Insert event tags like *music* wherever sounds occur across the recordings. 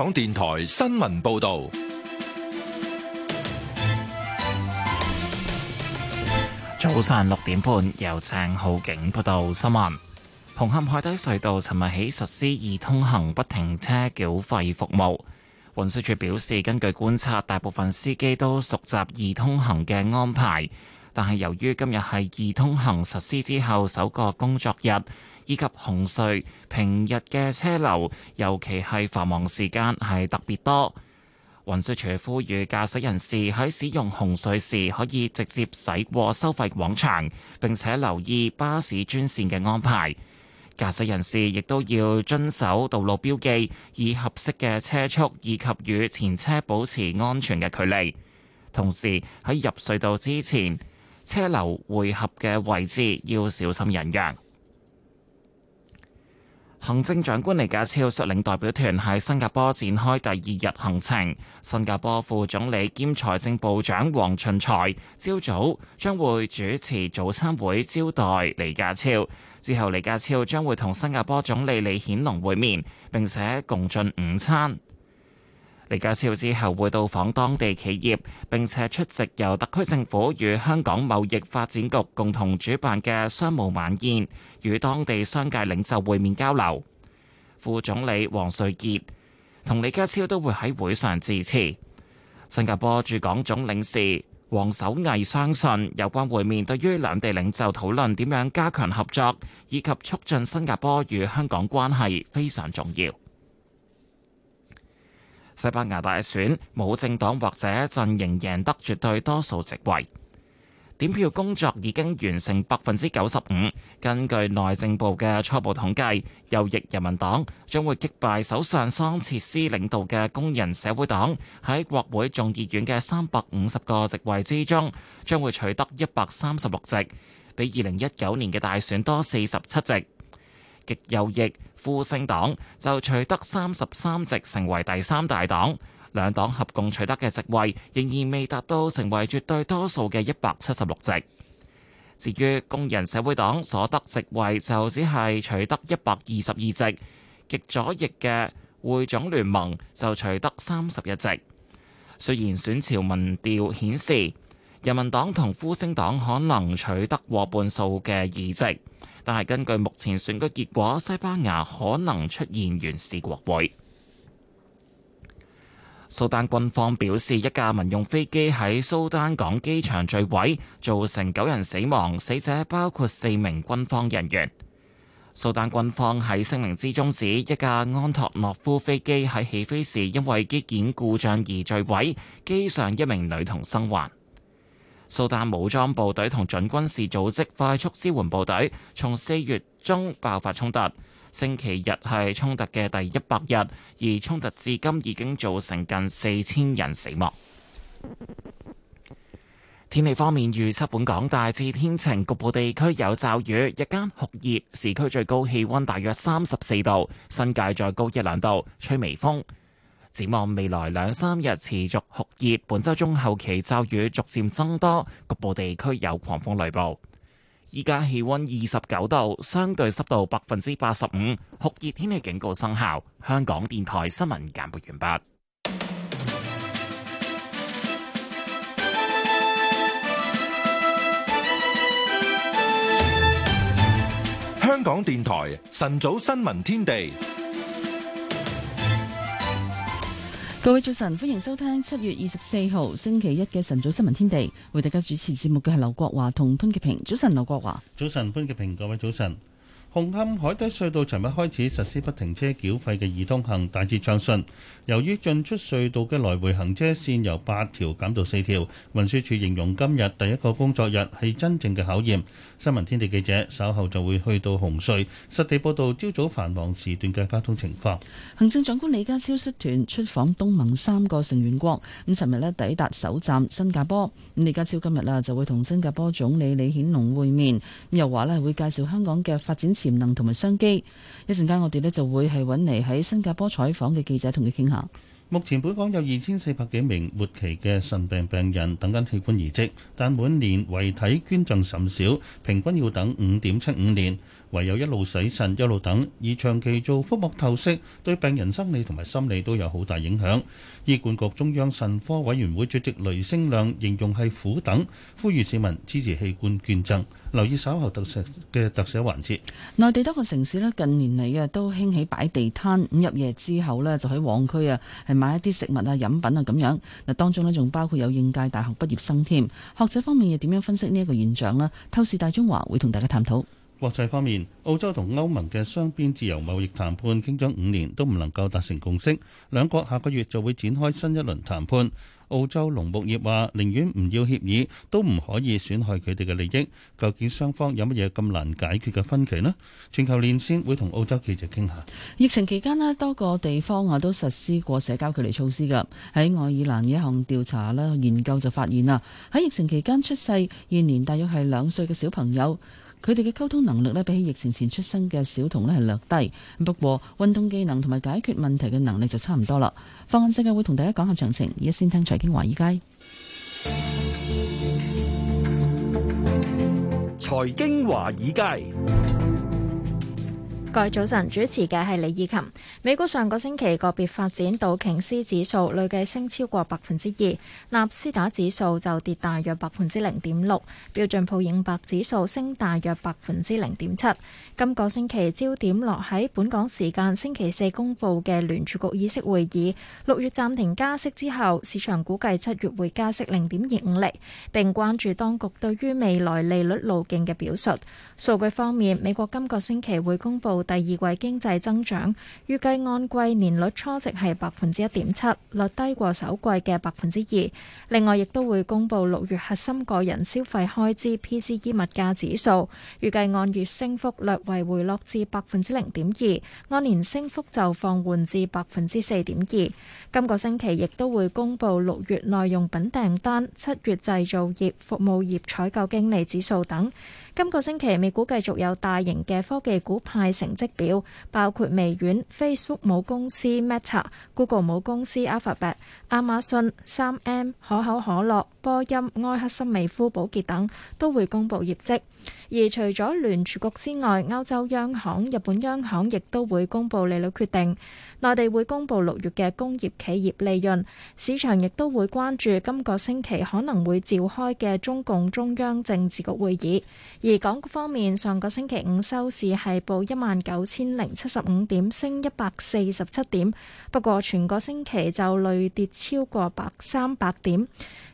港電台新聞報道，早上六點半，由鄭浩景報道新聞。紅磡海底隧道尋日起實施易通行不停車繳費服務，運輸署表示，根據觀察，大部分司機都熟習易通行嘅安排。但係由於今日係易通行實施之後首個工作日，以及紅隧平日嘅車流，尤其係繁忙時間係特別多。運輸署呼籲駕駛人士喺使用紅隧時可以直接駛過收費廣場，並且留意巴士專線嘅安排。駕駛人士亦都要遵守道路標記，以合適嘅車速以及與前車保持安全嘅距離。同時喺入隧道之前，車流匯合嘅位置要小心人讓。行政長官李家超率領代表團喺新加坡展開第二日行程。新加坡副總理兼財政部長黃循財朝早將會主持早餐會招待李家超，之後李家超將會同新加坡總理李顯龍會面，並且共進午餐。李家超之後會到訪當地企業，並且出席由特區政府與香港貿易發展局共同主辦嘅商務晚宴，與當地商界領袖會面交流。副總理王瑞傑同李家超都會喺會上致辭。新加坡駐港總領事王守毅相信，有關會面對於兩地領袖討論點樣加強合作以及促進新加坡與香港關係非常重要。西班牙大選冇政黨或者陣營贏得絕對多數席位，點票工作已經完成百分之九十五。根據內政部嘅初步統計，右翼人民黨將會擊敗首相桑切斯領導嘅工人社會黨，喺國會眾議院嘅三百五十個席位之中，將會取得一百三十六席，比二零一九年嘅大選多四十七席。極右翼、呼聲黨就取得三十三席，成為第三大黨。兩黨合共取得嘅席位仍然未達到成為絕對多數嘅一百七十六席。至於工人社會黨所得席位就只係取得一百二十二席，極左翼嘅會總聯盟就取得三十一席。雖然選潮民調顯示，人民黨同呼聲黨可能取得過半數嘅議席，但係根據目前選舉結果，西班牙可能出現懸峙國會。蘇丹軍方表示，一架民用飛機喺蘇丹港機場墜毀，造成九人死亡，死者包括四名軍方人員。蘇丹軍方喺聲明之中指，一架安托諾夫飛機喺起飛時因為機件故障而墜毀，機上一名女童生還。蘇丹武裝部隊同準軍事組織快速支援部隊，從四月中爆發衝突。星期日係衝突嘅第一百日，而衝突至今已經造成近四千人死亡。 *noise* 天氣方面預測，本港大致天晴，局部地區有驟雨，日間酷熱，市區最高氣温大約三十四度，新界再高一兩度，吹微風。展望未來兩三日持續酷熱，本週中後期驟雨逐漸增多，局部地區有狂風雷暴。依家氣温二十九度，相對濕度百分之八十五，酷熱天氣警告生效。香港電台新聞簡報完畢。香港電台晨早新聞天地。各位早晨，歡迎收聽七月二十四號星期一嘅晨早新聞天地。為大家主持節目嘅係劉國華同潘潔平。早晨，劉國華。早晨，潘潔平。各位早晨。紅磡海底隧道尋日開始實施不停車繳費嘅易通行，大致暢順。由於進出隧道嘅來回行車線由八條減到四條，運輸署形容今日第一個工作日係真正嘅考驗。新聞天地記者稍後就會去到紅隧實地報道朝早繁忙時段嘅交通情況。行政長官李家超率團出訪東盟三個成員國，咁尋日呢，抵達首站新加坡，李家超今日啊，就會同新加坡總理李顯龍會面，又話咧會介紹香港嘅發展。潛能同埋商機，一陣間我哋呢就會係搵嚟喺新加坡採訪嘅記者同佢傾下。目前本港有二千四百幾名末期嘅腎病病人等緊器官移植，但每年遺體捐贈甚少，平均要等五點七五年。唯有一路洗腎一路等，以長期做腹膜透析，對病人生理同埋心理都有好大影響。醫管局中央腎科委員會主席雷聲亮形容係苦等，呼籲市民支持器官捐贈。留意稍後特寫嘅特寫環節。內地多個城市咧，近年嚟啊都興起擺地攤，咁入夜之後咧就喺旺區啊，係買一啲食物啊、飲品啊咁樣。嗱，當中咧仲包括有應屆大學畢業生添。學者方面又點樣分析呢一個現象咧？透視大中華會同大家探討。國際方面，澳洲同歐盟嘅雙邊自由貿易談判傾咗五年都唔能夠達成共識，兩國下個月就會展開新一輪談判。澳洲農牧業話，寧願唔要協議，都唔可以損害佢哋嘅利益。究竟雙方有乜嘢咁難解決嘅分歧呢？全球連線會同澳洲記者傾下。疫情期間呢，多個地方啊都實施過社交距離措施㗎。喺愛爾蘭，一項調查呢研究就發現啊，喺疫情期間出世現年大約係兩歲嘅小朋友，佢哋嘅溝通能力呢，比起疫情前出生嘅小童呢係略低。不過運動技能同埋解決問題嘅能力就差唔多啦。放眼世界會同大家講下詳情，而家先聽財經華爾街。財經華爾街。各位早晨，主持嘅係李以琴。美股上個星期個別發展，道瓊斯指數累計升超過百分之二，納斯達指數就跌大約百分之零點六，標準普爾五百指數升大約百分之零點七。今個星期焦點落喺本港時間星期四公布嘅聯儲局議息會議，六月暫停加息之後市場估計七月會加息零點二五厘，並關注當局對於未來利率路徑嘅表述。數據方面，美國今個星期會公布。第二季經濟增長，預計按季年率初值係百分之一點七，略低過首季嘅百分之二。另外，亦都會公布六月核心個人消費開支 PCE 物價指數，預計按月升幅略為回落至百分之零點二，按年升幅就放緩至百分之四點二。今個星期亦都會公布六月耐用品訂單、七月製造業、服務業採購經理指數等。今個星期，美股繼續有大型嘅科技股派成績表，包括微軟、Facebook 母公司 Meta、Google 母公司 Alphabet、亞馬遜、三 M、可口可樂、波音、埃克森美孚、寶潔等都會公佈業績。而除咗聯儲局之外，歐洲央行、日本央行亦都會公布利率決定。內地會公布六月嘅工業企業利潤，市場亦都會關注今個星期可能會召開嘅中共中央政治局會議。而港股方面，上個星期五收市係報一萬九千零七十五點，升一百四十七點。不過，全個星期就累跌超過百三百點。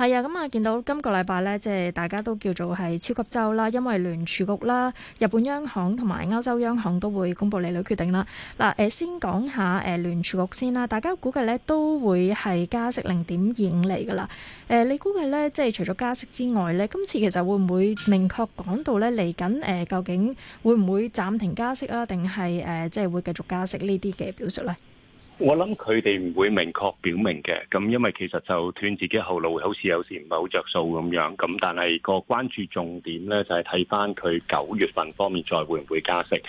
係啊，咁啊、嗯，見到今個禮拜咧，即係大家都叫做係超級週啦，因為聯儲局啦、日本央行同埋歐洲央行都會公布利率決定啦。嗱、呃，誒先講下誒、呃、聯儲局先啦，大家估計咧都會係加息零點二五釐噶啦。誒、呃，你估計咧，即係除咗加息之外咧，今次其實會唔會明確講到咧嚟緊誒，究竟會唔會暫停加息啊？定係誒即係會繼續加息呢啲嘅表述咧？我諗佢哋唔會明確表明嘅，咁因為其實就斷自己後路，好似有時唔係好着數咁樣。咁但係個關注重點呢，就係睇翻佢九月份方面再會唔會加息。咁、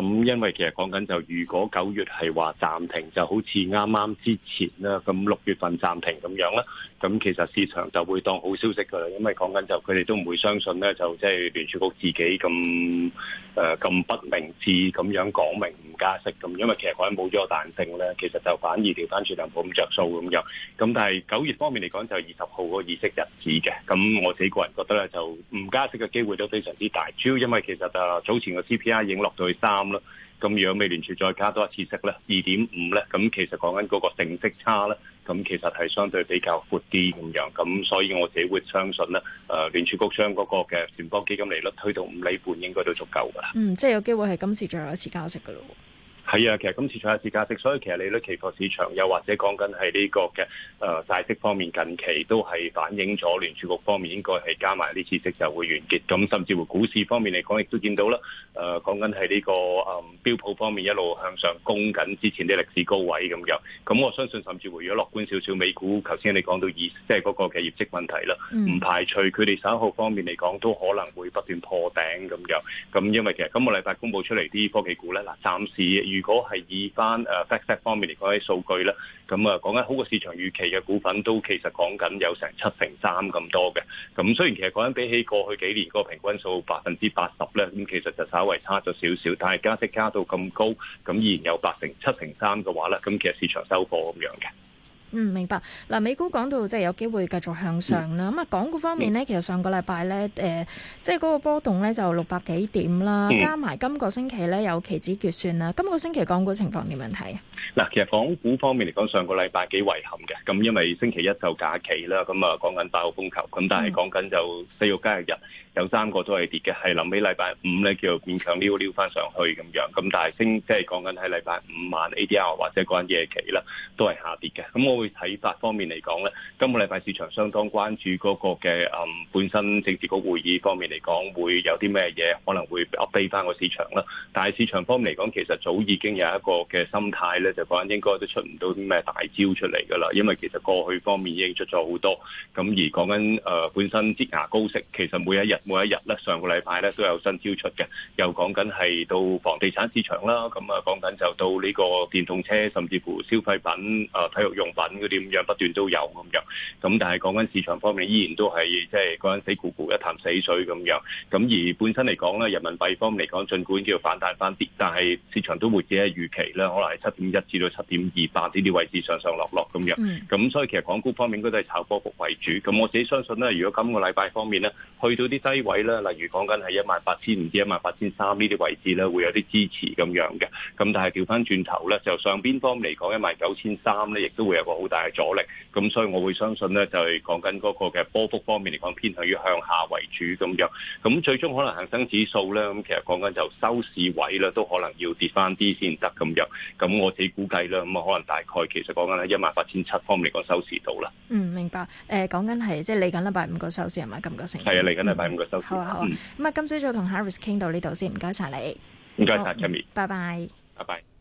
嗯、因為其實講緊就如果九月係話暫停，就好似啱啱之前啦，咁六月份暫停咁樣啦。咁其實市場就會當好消息㗎喇，因為講緊就佢哋都唔會相信咧，就即係聯儲局自己咁誒，咁不明智咁樣講明唔加息咁，因為其實講緊冇咗個彈性咧，其實就反而調翻轉就冇咁著數咁樣。咁但係九月方面嚟講就二十號嗰個議息日子嘅，咁我自己個人覺得咧就唔加息嘅機會都非常之大，主要因為其實就早前個 CPI 已經落到去三啦。咁如果美聯儲再加多一次息咧，二點五咧，咁其實講緊嗰個定息差咧，咁其實係相對比較闊啲咁樣，咁所以我自己會相信咧，誒聯儲局將嗰個嘅聯邦基金利率推到五厘半，應該都足夠噶啦。嗯，即係有機會係今次最後一次加息噶咯。係啊，其實今次再一次加息，所以其實利率期貨市場又或者講緊係呢個嘅誒債息方面，近期都係反映咗聯儲局方面應該係加埋啲息息就會完結。咁甚至乎股市方面嚟講，亦都見到啦。誒講緊係呢個誒、呃、標普方面一路向上攻緊之前啲歷史高位咁樣。咁我相信甚至乎如果樂觀少少，美股頭先你講到二，即係嗰個嘅業績問題啦，唔、嗯、排除佢哋十一號方面嚟講都可能會不斷破頂咁樣。咁因為其實今個禮拜公佈出嚟啲科技股咧，嗱暫時如果係以翻誒 FactSet 方面嚟講啲數據咧，咁啊講緊好過市場預期嘅股份都其實講緊有成七成三咁多嘅，咁雖然其實講緊比起過去幾年個平均數百分之八十咧，咁其實就稍為差咗少少，但係加息加到咁高，咁依然有八成七成三嘅話咧，咁其實市場收貨咁樣嘅。嗯，明白。嗱，美股講到即係有機會繼續向上啦。咁啊、嗯，港股方面咧，嗯、其實上個禮拜咧，誒、呃，即係嗰個波動咧就六百幾點啦。嗯、加埋今個星期咧有期指結算啦。今個星期港股情況點樣睇？嗱，其實港股方面嚟講，上個禮拜幾遺憾嘅，咁因為星期一就假期啦，咁啊講緊八號風球，咁但係講緊就四個交易日，有三個都係跌嘅，係臨尾禮拜五咧，叫做勉強溜溜翻上去咁樣。咁但係星即係講緊喺禮拜五晚 ADR 或者講夜期啦，都係下跌嘅。咁我會睇法方面嚟講咧，今個禮拜市場相當關注嗰個嘅誒本身政治局會議方面嚟講，會有啲咩嘢可能會壓低翻個市場啦。但係市場方面嚟講，其實早已經有一個嘅心態就講應該都出唔到啲咩大招出嚟㗎啦，因為其實過去方面已經出咗好多，咁而講緊誒本身擠牙膏食，其實每一日每一日咧，上個禮拜咧都有新招出嘅，又講緊係到房地產市場啦，咁啊講緊就到呢個電動車，甚至乎消費品、誒、呃、體育用品嗰啲咁樣不斷都有咁樣，咁、嗯、但係講緊市場方面依然都係即係講緊死咕咕一潭死水咁樣，咁、嗯、而本身嚟講咧，人民幣方面嚟講，儘管叫做反彈翻跌，但係市場都活止喺預期啦，可能係七點一。至到七點二八呢啲位置上上落落咁樣，咁所以其實港股方面應該都係炒波幅為主。咁我自己相信咧，如果今個禮拜方面咧，去到啲低位咧，例如講緊係一萬八千五至一萬八千三呢啲位置咧，會有啲支持咁樣嘅。咁但係調翻轉頭咧，就上邊方面嚟講，一萬九千三咧，亦都會有個好大嘅阻力。咁所以，我會相信咧，就係講緊嗰個嘅波幅方面嚟講，偏向於向下為主咁樣。咁最終可能恒生指數咧，咁其實講緊就收市位咧，都可能要跌翻啲先得咁樣。咁我自估計啦，咁啊可能大概其實講緊喺一萬八千七方面個收視度啦。嗯，明白。誒、呃，講緊係即係嚟緊禮拜五個收視係咪？咁個成？係啊，嚟緊禮拜五個收視。嗯、好啊好，好啊、嗯。咁啊，今朝早同 Haris 傾到呢度先，唔該晒你。唔該晒 Jammy 拜拜。拜拜。拜拜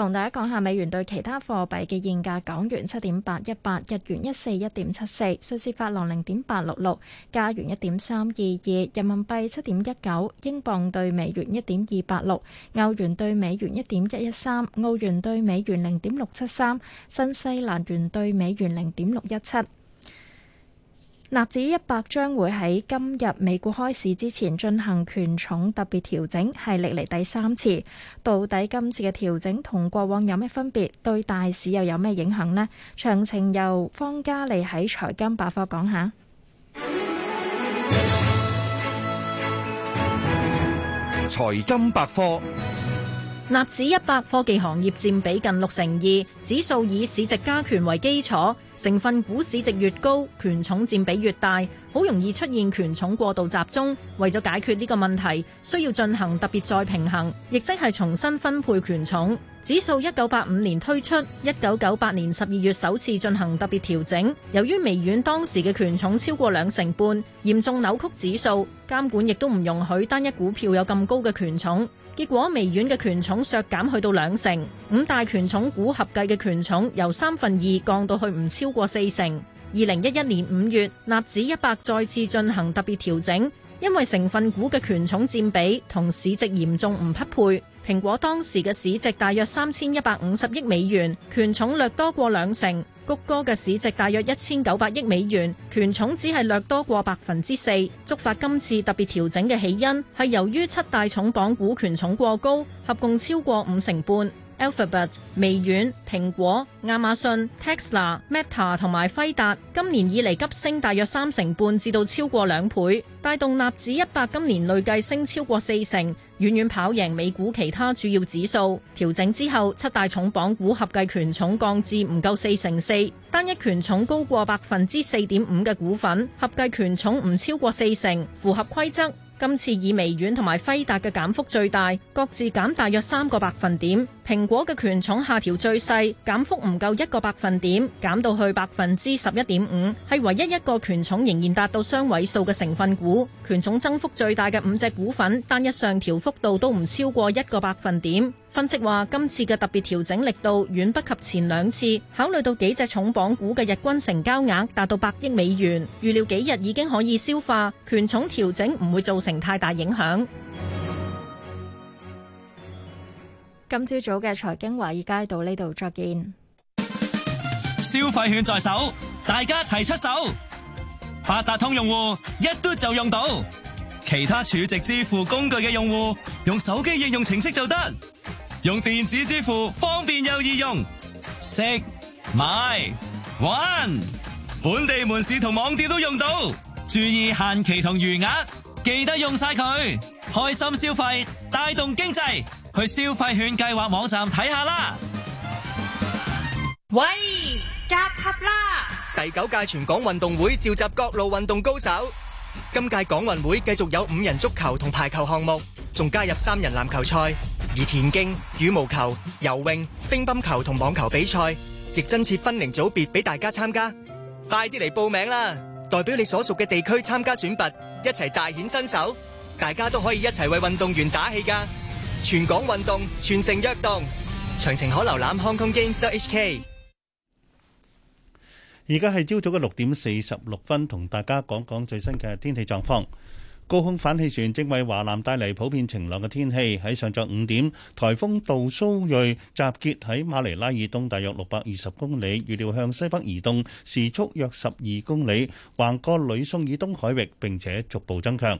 同大家講下美元對其他貨幣嘅現價：港元七點八一八，日元一四一點七四，瑞士法郎零點八六六，加元一點三二二，人民幣七點一九，英鎊對美元一點二八六，歐元對美元一點一一三，澳元對美元零點六七三，新西蘭元對美元零點六一七。納指一百將會喺今日美股開市之前進行權重特別調整，係歷嚟第三次。到底今次嘅調整同過往有咩分別？對大市又有咩影響呢？詳情由方嘉利喺財金百科講下。財金百科，納指一百科技行業佔比近六成二，指數以市值加權為基礎。成分股市值越高，權重占比越大，好容易出現權重過度集中。為咗解決呢個問題，需要進行特別再平衡，亦即係重新分配權重。指數一九八五年推出，一九九八年十二月首次進行特別調整。由於微軟當時嘅權重超過兩成半，嚴重扭曲指數，監管亦都唔容許單一股票有咁高嘅權重。結果微軟嘅權重削減去到兩成，五大權重股合計嘅權重由三分二降到去唔超過四成。二零一一年五月，納指一百再次進行特別調整，因為成分股嘅權重占比同市值嚴重唔匹配。蘋果當時嘅市值大約三千一百五十億美元，權重略多過兩成。谷歌嘅市值大約一千九百億美元，權重只係略多過百分之四。觸發今次特別調整嘅起因係由於七大重磅股權重過高，合共超過五成半。Alphabet、微軟、蘋果、亞馬遜、Tesla、Meta 同埋輝達今年以嚟急升大約三成半，至到超過兩倍，帶動納指一百今年累計升超過四成。遠遠跑贏美股其他主要指數。調整之後，七大重磅股合計權重降至唔夠四成四，單一權重高過百分之四點五嘅股份，合計權重唔超過四成，符合規則。今次以微軟同埋輝達嘅減幅最大，各自減大約三個百分點。蘋果嘅權重下調最細，減幅唔夠一個百分點，減到去百分之十一點五，係唯一一個權重仍然達到雙位數嘅成分股。權重增幅最大嘅五隻股份，單一上調幅度都唔超過一個百分點。分析話，今次嘅特別調整力度遠不及前兩次，考慮到幾隻重磅股嘅日均成交額達到百億美元，預料幾日已經可以消化，權重調整唔會造成太大影響。今朝早嘅財經華爾街到呢度再見。消費券在手，大家齊出手。八達通用戶一嘟就用到，其他儲值支付工具嘅用戶用手機應用程式就得。用電子支付方便又易用，食買玩，本地門市同網店都用到。注意限期同餘額，記得用晒佢，開心消費，帶動經濟。去消費券計劃網站睇下啦！喂，集合啦！第九屆全港運動會召集各路運動高手。今屆港運會繼續有五人足球同排球項目，仲加入三人籃球賽，而田徑、羽毛球、游泳、乒乓球同網球比賽亦增設分齡組別俾大家參加。快啲嚟報名啦！代表你所屬嘅地區參加選拔，一齊大顯身手。大家都可以一齊為運動員打氣㗎。全港運動，全城躍動。詳情可瀏覽長城，可瀏覽 Hong Kong Games.hk。而家係朝早嘅六點四十六分，同大家講講最新嘅天氣狀況。高空反氣旋正為華南帶嚟普遍晴朗嘅天氣。喺上晝五點，颱風杜蘇芮集結喺馬尼拉以東大約六百二十公里，預料向西北移動，時速約十二公里，橫過呂宋以東海域，並且逐步增強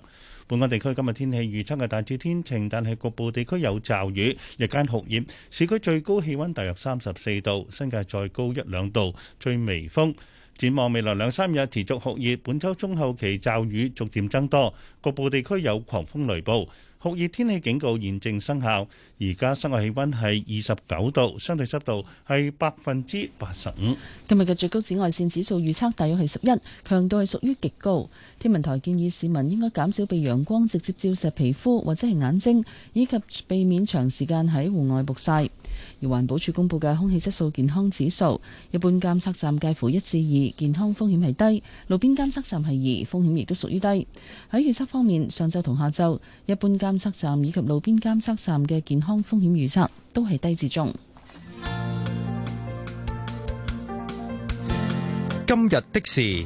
本港地區今日天氣預測係大致天晴，但係局部地區有驟雨，日間酷熱，市區最高氣温大約三十四度，新界再高一兩度，吹微風。展望未來兩三日持續酷熱，本週中後期驟雨逐漸增多，局部地區有狂風雷暴，酷熱天氣警告現正生效。而家室外氣溫係二十九度，相對濕度係百分之八十五。今日嘅最高紫外線指數預測大約係十一，強度係屬於極高。天文台建議市民應該減少被陽光直接照射皮膚或者係眼睛，以及避免長時間喺戶外曝曬。而環保署公布嘅空氣質素健康指數，一般監測站介乎一至二，健康風險係低；路邊監測站係二，風險亦都屬於低。喺預測方面，上晝同下晝，一般監測站以及路邊監測站嘅健康。風險預測都係低至中。今日的事，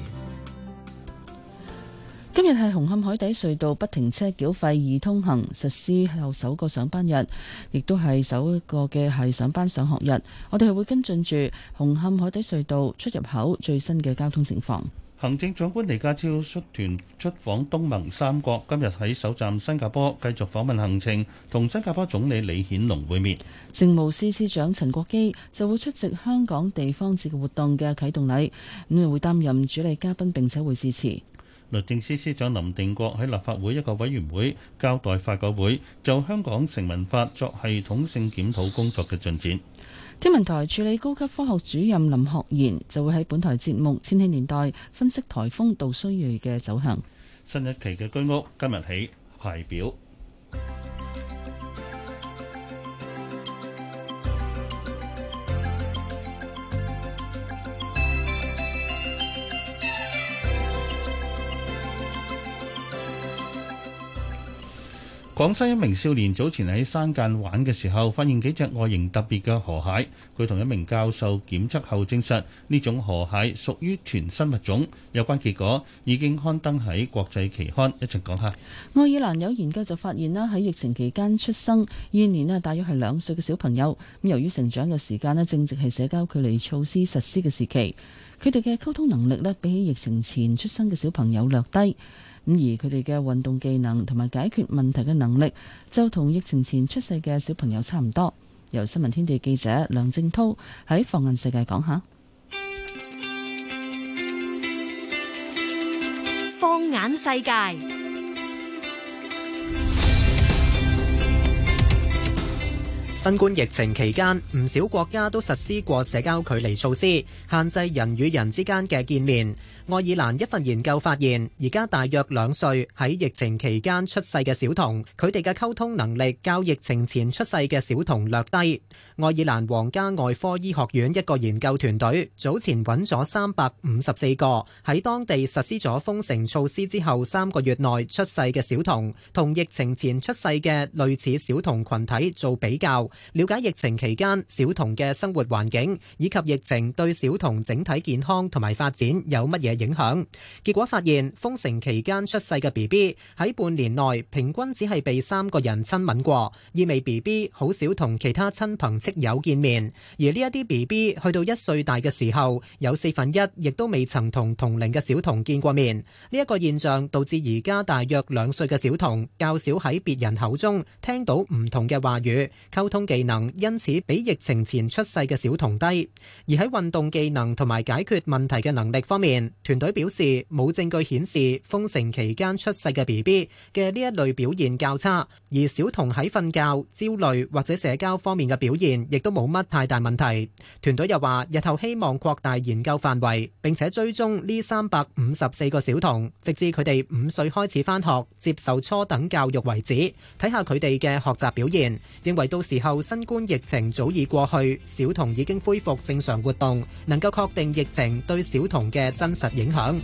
今日係紅磡海底隧道不停車繳費易通行實施後首個上班日，亦都係首個嘅係上班上學日。我哋係會跟進住紅磡海底隧道出入口最新嘅交通情況。行政長官李家超率團出訪東盟三國，今日喺首站新加坡繼續訪問行程，同新加坡總理李顯龍會面。政務司司長陳國基就會出席香港地方節活動嘅啟動禮，咁又會擔任主禮嘉賓並且會致辭。律政司司長林定國喺立法會一個委員會交代法改會，就香港成文法作系統性檢討工作嘅進展。天文台助理高級科學主任林學賢就會喺本台節目《千禧年代》分析台風杜蘇芮嘅走向。新一期嘅居屋今日起派表。廣西一名少年早前喺山間玩嘅時候，發現幾隻外形特別嘅河蟹。佢同一名教授檢測後證實，呢種河蟹屬於全新物種。有關結果已經刊登喺國際期刊。一齊講下。愛爾蘭有研究就發現啦，喺疫情期間出生現年啊，大約係兩歲嘅小朋友，咁由於成長嘅時間呢，正值係社交距離措施實施嘅時期，佢哋嘅溝通能力呢，比起疫情前出生嘅小朋友略低。咁而佢哋嘅運動技能同埋解決問題嘅能力，就同疫情前出世嘅小朋友差唔多。由新聞天地記者梁正濤喺放眼世界講下，放眼世界。新冠疫情期間唔少國家都實施過社交距離措施，限制人與人之間嘅見面。愛爾蘭一份研究發現，而家大約兩歲喺疫情期間出世嘅小童，佢哋嘅溝通能力較疫情前出世嘅小童略低。愛爾蘭皇家外科醫學院一個研究團隊早前揾咗三百五十四個喺當地實施咗封城措施之後三個月內出世嘅小童，同疫情前出世嘅類似小童群體做比較。了解疫情期間小童嘅生活環境，以及疫情對小童整體健康同埋發展有乜嘢影響。結果發現封城期間出世嘅 B B 喺半年內平均只係被三個人親吻過，意味 B B 好少同其他親朋戚友見面。而呢一啲 B B 去到一歲大嘅時候，有四分一亦都未曾同同齡嘅小童見過面。呢一個現象導致而家大約兩歲嘅小童較少喺別人口中聽到唔同嘅話語溝通技能因此比疫情前出世嘅小童低，而喺運動技能同埋解決問題嘅能力方面，團隊表示冇證據顯示封城期間出世嘅 B B 嘅呢一類表現較差，而小童喺瞓覺、焦慮或者社交方面嘅表現亦都冇乜太大問題。團隊又話日後希望擴大研究範圍，並且追蹤呢三百五十四個小童，直至佢哋五歲開始翻學接受初等教育為止，睇下佢哋嘅學習表現，認為到時候。後新冠疫情早已過去，小童已經恢復正常活動，能夠確定疫情對小童嘅真實影響。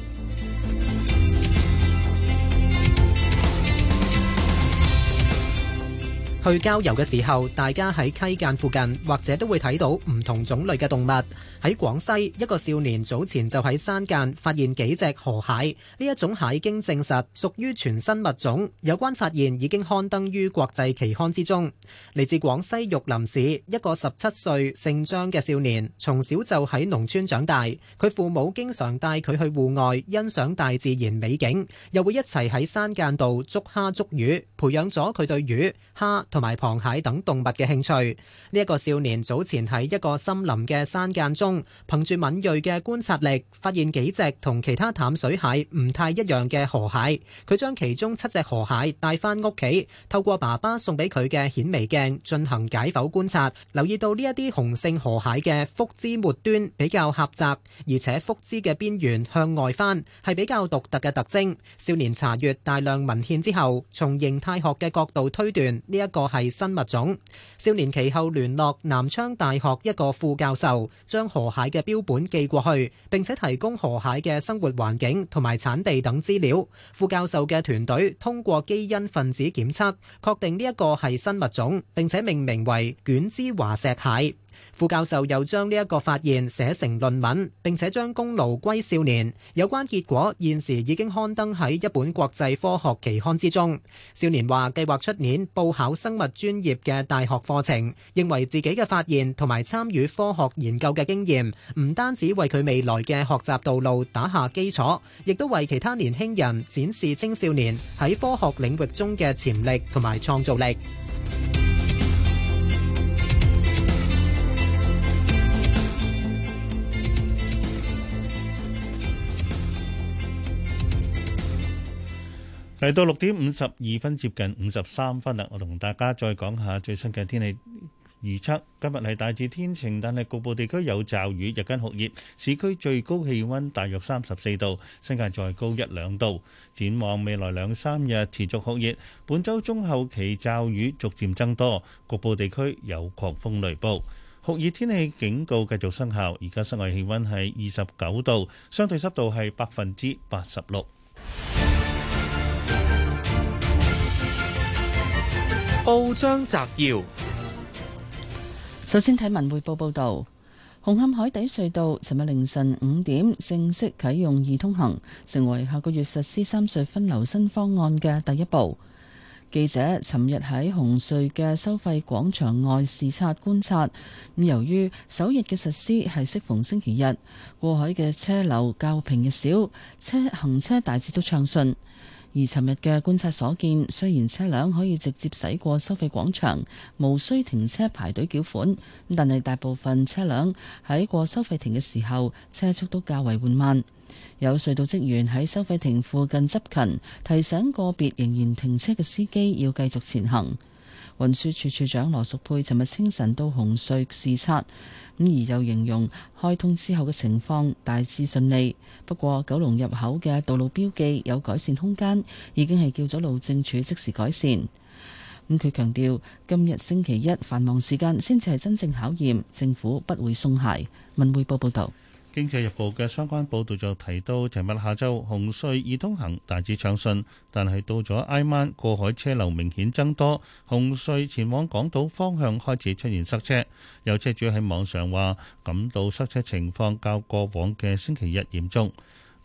去郊遊嘅時候，大家喺溪澗附近，或者都會睇到唔同種類嘅動物。喺廣西，一個少年早前就喺山澗發現幾隻河蟹，呢一種蟹經證實屬於全新物種。有關發現已經刊登於國際期刊之中。嚟自廣西玉林市，一個十七歲姓張嘅少年，從小就喺農村長大，佢父母經常帶佢去戶外欣賞大自然美景，又會一齊喺山澗度捉蝦捉魚，培養咗佢對魚、蝦同埋螃蟹等動物嘅興趣。呢一個少年早前喺一個森林嘅山澗中，憑住敏銳嘅觀察力，發現幾隻同其他淡水蟹唔太一樣嘅河蟹。佢將其中七隻河蟹帶翻屋企，透過爸爸送俾佢嘅顯微鏡進行解剖觀察，留意到呢一啲雄性河蟹嘅腹肢末端比較狹窄，而且腹肢嘅邊緣向外翻，係比較獨特嘅特徵。少年查閱大量文獻之後，從認太學嘅角度推斷呢一個係新物種。少年期後聯絡南昌大學一個副教授，將河蟹嘅標本寄過去，並且提供河蟹嘅生活環境同埋產地等資料。副教授嘅團隊通過基因分子檢測，確定呢一個係新物種，並且命名為卷枝華石蟹。副教授又將呢一個發現寫成論文，並且將功勞歸少年。有關結果現時已經刊登喺一本國際科學期刊之中。少年話計劃出年報考生物專業嘅大學課程，認為自己嘅發現同埋參與科學研究嘅經驗，唔單止為佢未來嘅學習道路打下基礎，亦都為其他年輕人展示青少年喺科學領域中嘅潛力同埋創造力。嚟到六點五十二分，接近五十三分啦。我同大家再講下最新嘅天氣預測。今日係大致天晴，但係局部地區有驟雨，日間酷熱。市區最高氣溫大約三十四度，新界再高一兩度。展望未來兩三日持續酷熱，本周中後期驟雨逐漸增多，局部地區有狂風雷暴。酷熱天氣警告繼續生效。而家室外氣溫係二十九度，相對濕度係百分之八十六。報章摘要：首先睇文匯報報道，紅磡海底隧道尋日凌晨五點正式啟用易通行，成為下個月實施三隧分流新方案嘅第一步。記者尋日喺紅隧嘅收費廣場外視察觀察，咁由於首日嘅實施係適逢星期日，過海嘅車流較平日少，車行車大致都暢順。而尋日嘅觀察所見，雖然車輛可以直接駛過收費廣場，無需停車排隊繳款，但係大部分車輛喺過收費亭嘅時候，車速都較為緩慢。有隧道職員喺收費亭附近執勤，提醒個別仍然停車嘅司機要繼續前行。運輸署署長羅淑佩尋日清晨到紅隧視察。咁而又形容開通之後嘅情況大致順利，不過九龍入口嘅道路標記有改善空間，已經係叫咗路政署即時改善。咁佢強調，今日星期一繁忙時間先至係真正考驗，政府不會鬆懈。文匯報報導。《經濟日報》嘅相關報導就提到昨，尋日下晝紅隧已通行，大致暢順，但係到咗挨晚過海車流明顯增多，紅隧前往港島方向開始出現塞車，有車主喺網上話感到塞車情況較過往嘅星期日嚴重。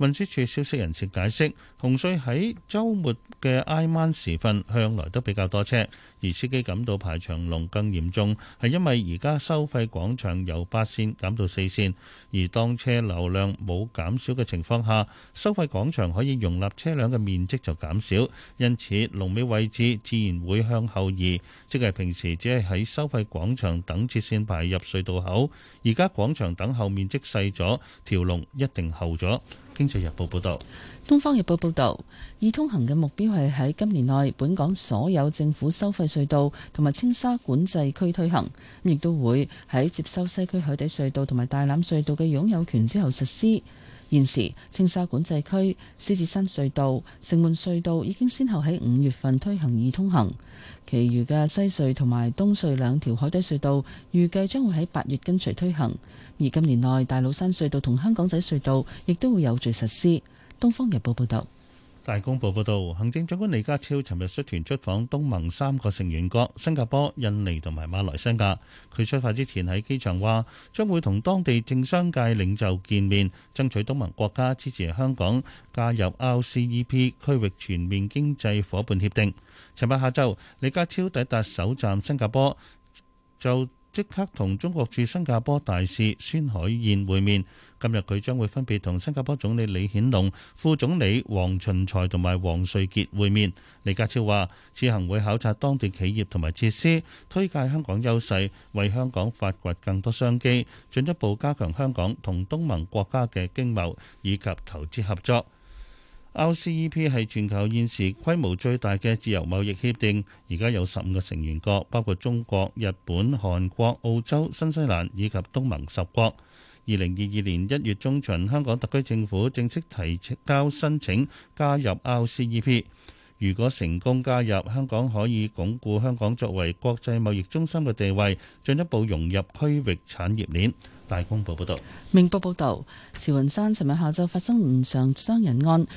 運輸署消息人士解釋，紅隧喺週末嘅挨晚時分向來都比較多車，而司機感到排長龍更嚴重，係因為而家收費廣場由八線減到四線，而當車流量冇減少嘅情況下，收費廣場可以容納車輛嘅面積就減少，因此龍尾位置自然會向後移。即係平時只係喺收費廣場等切線排入隧道口，而家廣場等候面積細咗，條龍一定後咗。經濟日報報道，東方日報報道，易通行嘅目標係喺今年內，本港所有政府收費隧道同埋青沙管制區推行，亦都會喺接收西區海底隧道同埋大欖隧道嘅擁有權之後實施。現時青沙管制區、獅子山隧道、城門隧道已經先後喺五月份推行易通行，其餘嘅西隧同埋東隧兩條海底隧道，預計將會喺八月跟隨推行。而今年內大老山隧道同香港仔隧道亦都會有序實施。《東方日報》報道。大公報報道，行政長官李家超尋日率團出訪東盟三個成員國：新加坡、印尼同埋馬來西亞。佢出發之前喺機場話，將會同當地政商界領袖見面，爭取東盟國家支持香港加入《RCEP 區域全面經濟伙伴協定》。尋日下晝，李家超抵達首站新加坡，就即刻同中國駐新加坡大使孫海燕會面。今日佢將會分別同新加坡總理李顯龍、副總理黃循財同埋王瑞傑會面。李家超話：此行會考察當地企業同埋設施，推介香港優勢，為香港發掘更多商機，進一步加強香港同東盟國家嘅經貿以及投資合作。RCEP 係全球現時規模最大嘅自由貿易協定，而家有十五個成員國，包括中國、日本、韓國、澳洲、新西蘭以及東盟十國。二零二二年一月中旬，香港特區政府正式提交申請加入 RCEP，如果成功加入，香港可以鞏固香港作為國際貿易中心嘅地位，進一步融入區域產業鏈。大公報報道。明報報道，慈雲山尋日下晝發生唔常傷人案，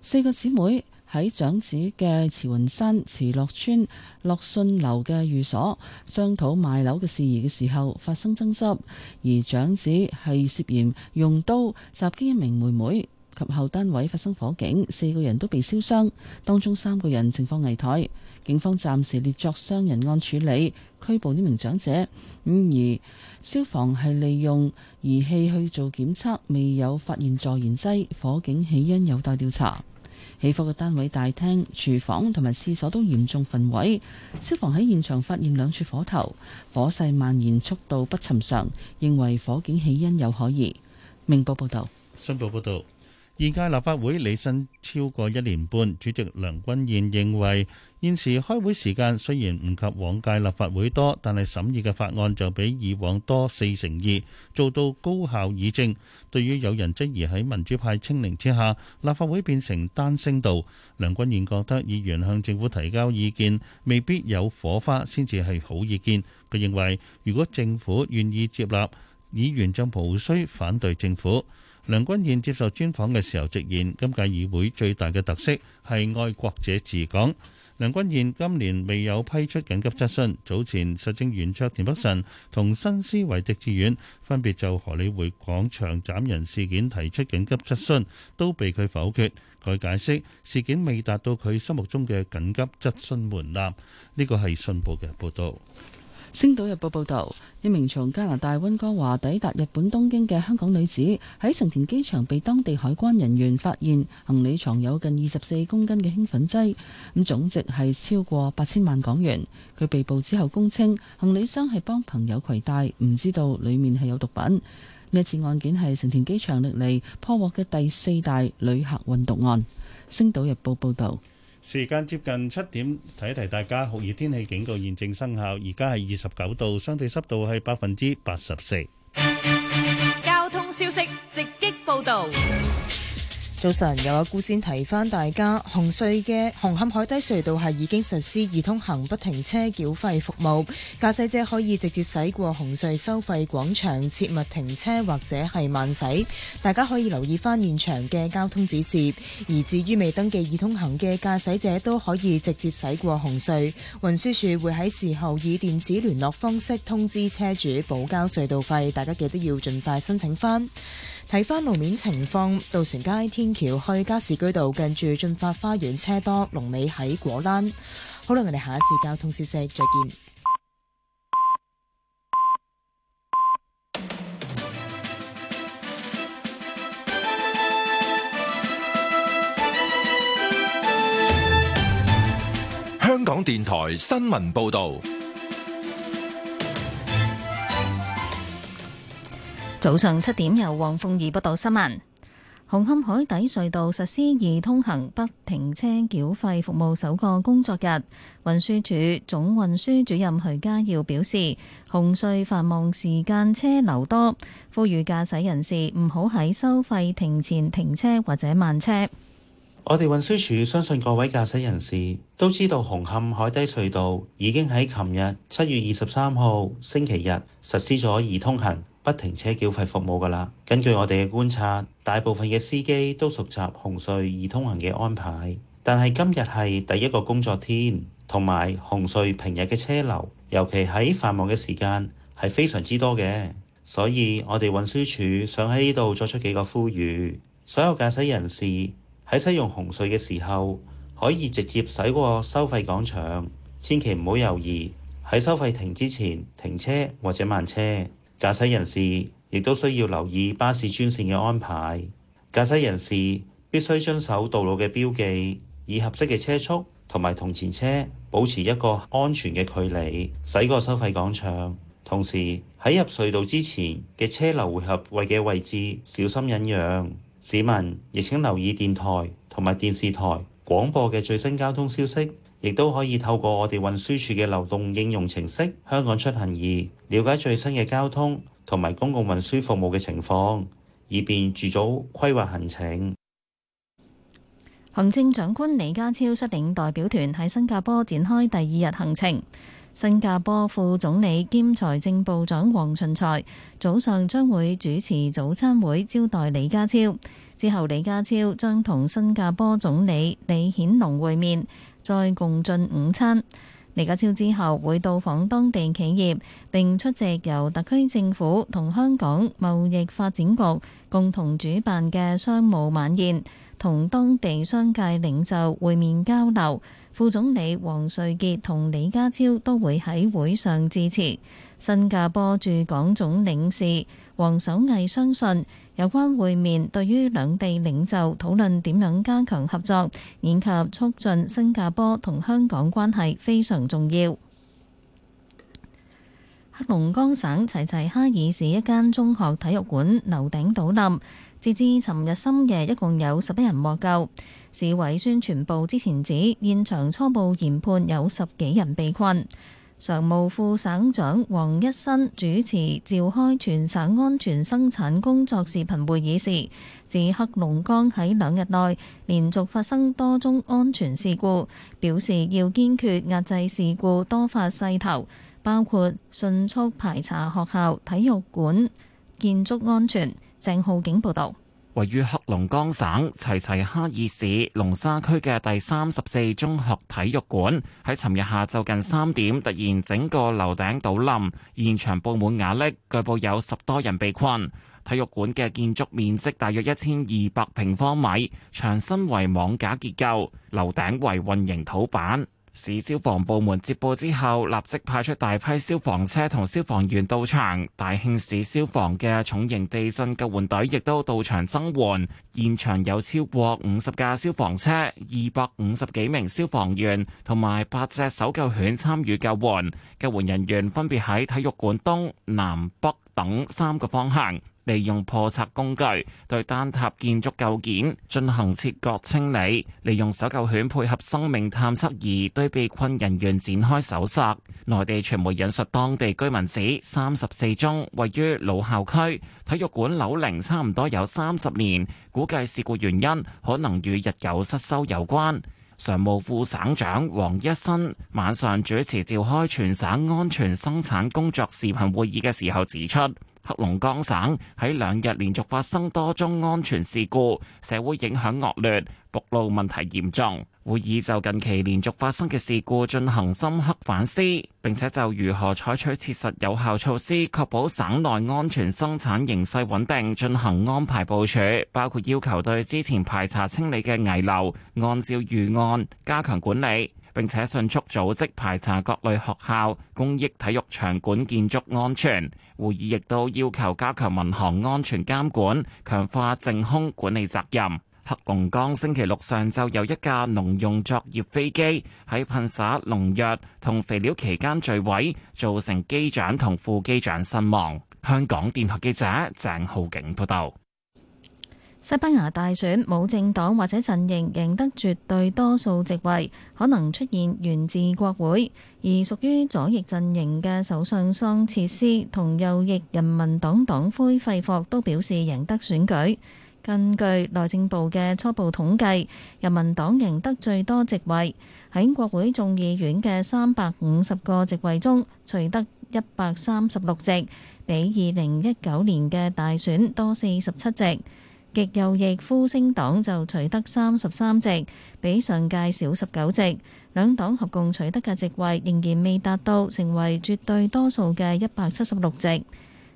四個姊妹，喺長子嘅慈雲山慈樂村樂信樓嘅寓所商討賣樓嘅事宜嘅時候發生爭執，而長子係涉嫌用刀襲擊一名妹妹，及後單位發生火警，四個人都被燒傷，當中三個人情況危殆。警方暫時列作傷人案處理，拘捕呢名長者。咁而消防係利用儀器去做檢測，未有發現助燃劑，火警起因有待調查。起火嘅單位大廳、廚房同埋廁所都嚴重焚毀，消防喺現場發現兩處火頭，火勢蔓延速度不尋常，認為火警起因有可疑。明報報道。新報報道。現屆立法會履任超過一年半，主席梁君彥認為現時開會時間雖然唔及往屆立法會多，但係審議嘅法案就比以往多四成二，做到高效議政。對於有人質疑喺民主派清零之下，立法會變成單聲道，梁君彥覺得議員向政府提交意見未必有火花先至係好意見。佢認為如果政府願意接納，議員就無需反對政府。梁君彥接受專訪嘅時候直言，今屆議會最大嘅特色係愛國者治港。梁君彥今年未有批出緊急質詢，早前實政圓桌田北辰同新思維狄志遠分別就荷里活廣場斬人事件提出緊急質詢，都被佢否決。佢解釋事件未達到佢心目中嘅緊急質詢門檻。呢個係信報嘅報道。星島日報報道，一名從加拿大温哥華抵達日本東京嘅香港女子喺成田機場被當地海關人員發現行李藏有近二十四公斤嘅興奮劑，咁總值係超過八千萬港元。佢被捕之後供稱，行李箱係幫朋友携帶，唔知道裏面係有毒品。呢次案件係成田機場歷嚟破獲嘅第四大旅客運毒案。星島日報報道。時間接近七點，提提大家，酷熱天氣警告現正生效，而家係二十九度，相對濕度係百分之八十四。交通消息直擊報導，直擊報道。早晨，有阿姑先提翻大家，紅隧嘅紅磡海底隧道係已經實施易通行不停車繳費服務，駕駛者可以直接駛過紅隧收費廣場，切勿停車或者係慢駛。大家可以留意翻現場嘅交通指示，而至於未登記易通行嘅駕駛者，都可以直接駛過紅隧。運輸署會喺事後以電子聯絡方式通知車主補交隧道費，大家記得要盡快申請翻。睇翻路面情況，渡船街天橋去加士居道近住進發花園車多，龍尾喺果欄。好啦，我哋下一節交通消息再見。香港電台新聞報導。早上七點，由黃鳳儀報道新聞。紅磡海底隧道實施易通行不停車繳費服務首個工作日，運輸署總運輸主任徐家耀表示，紅隧繁忙時間車流多，呼籲駕駛人士唔好喺收費亭前停車或者慢車。我哋運輸署相信各位駕駛人士都知道，紅磡海底隧道已經喺琴日七月二十三號星期日實施咗易通行。不停車繳費服務㗎啦。根據我哋嘅觀察，大部分嘅司機都熟習紅隧易通行嘅安排，但係今日係第一個工作天，同埋紅隧平日嘅車流，尤其喺繁忙嘅時間係非常之多嘅。所以，我哋運輸署想喺呢度作出幾個呼籲：所有駕駛人士喺使用紅隧嘅時候，可以直接駛過收費廣場，千祈唔好猶豫喺收費亭之前停車或者慢車。駕駛人士亦都需要留意巴士專線嘅安排。駕駛人士必須遵守道路嘅標記，以合適嘅車速同埋同前車保持一個安全嘅距離，駛過收費廣場。同時喺入隧道之前嘅車流匯合位嘅位置，小心忍讓。市民亦請留意電台同埋電視台廣播嘅最新交通消息。亦都可以透過我哋運輸處嘅流動應用程式《香港出行易》，了解最新嘅交通同埋公共運輸服務嘅情況，以便預早規劃行程。行政長官李家超率領代表團喺新加坡展開第二日行程。新加坡副總理兼財政部長黃循財早上將會主持早餐會招待李家超，之後李家超將同新加坡總理李顯龍會面。再共進午餐。李家超之後會到訪當地企業，並出席由特區政府同香港貿易發展局共同主辦嘅商務晚宴，同當地商界領袖會面交流。副總理王瑞杰同李家超都會喺會上致辭。新加坡駐港總領事黃守毅相信，有關會面，對於兩地領袖討論點樣加強合作，以及促進新加坡同香港關係非常重要。黑龍江省齊齊哈爾市一間中學體育館樓頂倒冧，截至尋日深夜，一共有十一人獲救。市委宣傳部之前指，現場初步研判有十幾人被困。常務副省長黃一新主持召開全省安全生產工作視頻會議時，指黑龍江喺兩日內連續發生多宗安全事故，表示要堅決壓制事故多發勢頭，包括迅速排查學校、體育館、建築安全。鄭浩景報道。位於黑龍江省齊齊哈爾市龍沙區嘅第三十四中學體育館，喺尋日下晝近三點突然整個樓頂倒冧，現場佈滿瓦礫，據報有十多人被困。體育館嘅建築面積大約一千二百平方米，牆身為網架結構，樓頂為混凝土板。市消防部門接報之後，立即派出大批消防車同消防員到場。大慶市消防嘅重型地震救援隊亦都到場增援。現場有超過五十架消防車、二百五十幾名消防員同埋八隻搜救犬參與救援。救援人員分別喺體育館東、南北等三個方向，利用破拆工具對單塔建築構件進行切割清理，利用搜救犬配合生命探測儀對被困人員展開搜索。內地傳媒引述當地居民指，三十四宗位於老校區體育館樓齡差唔多有三十年，估計事故原因可能與日久失修有關。常務副省長黃一新晚上主持召開全省安全生產工作視頻會議嘅時候指出。黑龍江省喺兩日連續發生多宗安全事故，社會影響惡劣，暴露問題嚴重。會議就近期連續發生嘅事故進行深刻反思，並且就如何採取切實有效措施，確保省內安全生產形勢穩定進行安排部署，包括要求對之前排查清理嘅危樓，按照預案加強管理。並且迅速組織排查各類學校、公益體育場館建築安全。會議亦都要求加強民航安全監管，強化淨空管理責任。黑龍江星期六上晝有一架農用作業飛機喺噴灑農藥同肥料期間墜毀，造成機長同副機長身亡。香港電台記者鄭浩景報道。西班牙大選冇政黨或者陣營贏得絕對多數席位，可能出現懸峙國會。而屬於左翼陣營嘅首相桑切斯同右翼人民黨黨魁費霍都表示贏得選舉。根據內政部嘅初步統計，人民黨贏得最多席位，喺國會眾議院嘅三百五十個席位中，取得一百三十六席，比二零一九年嘅大選多四十七席。極右翼呼聲黨就取得三十三席，比上屆少十九席。兩黨合共取得嘅席位仍然未達到成為絕對多數嘅一百七十六席。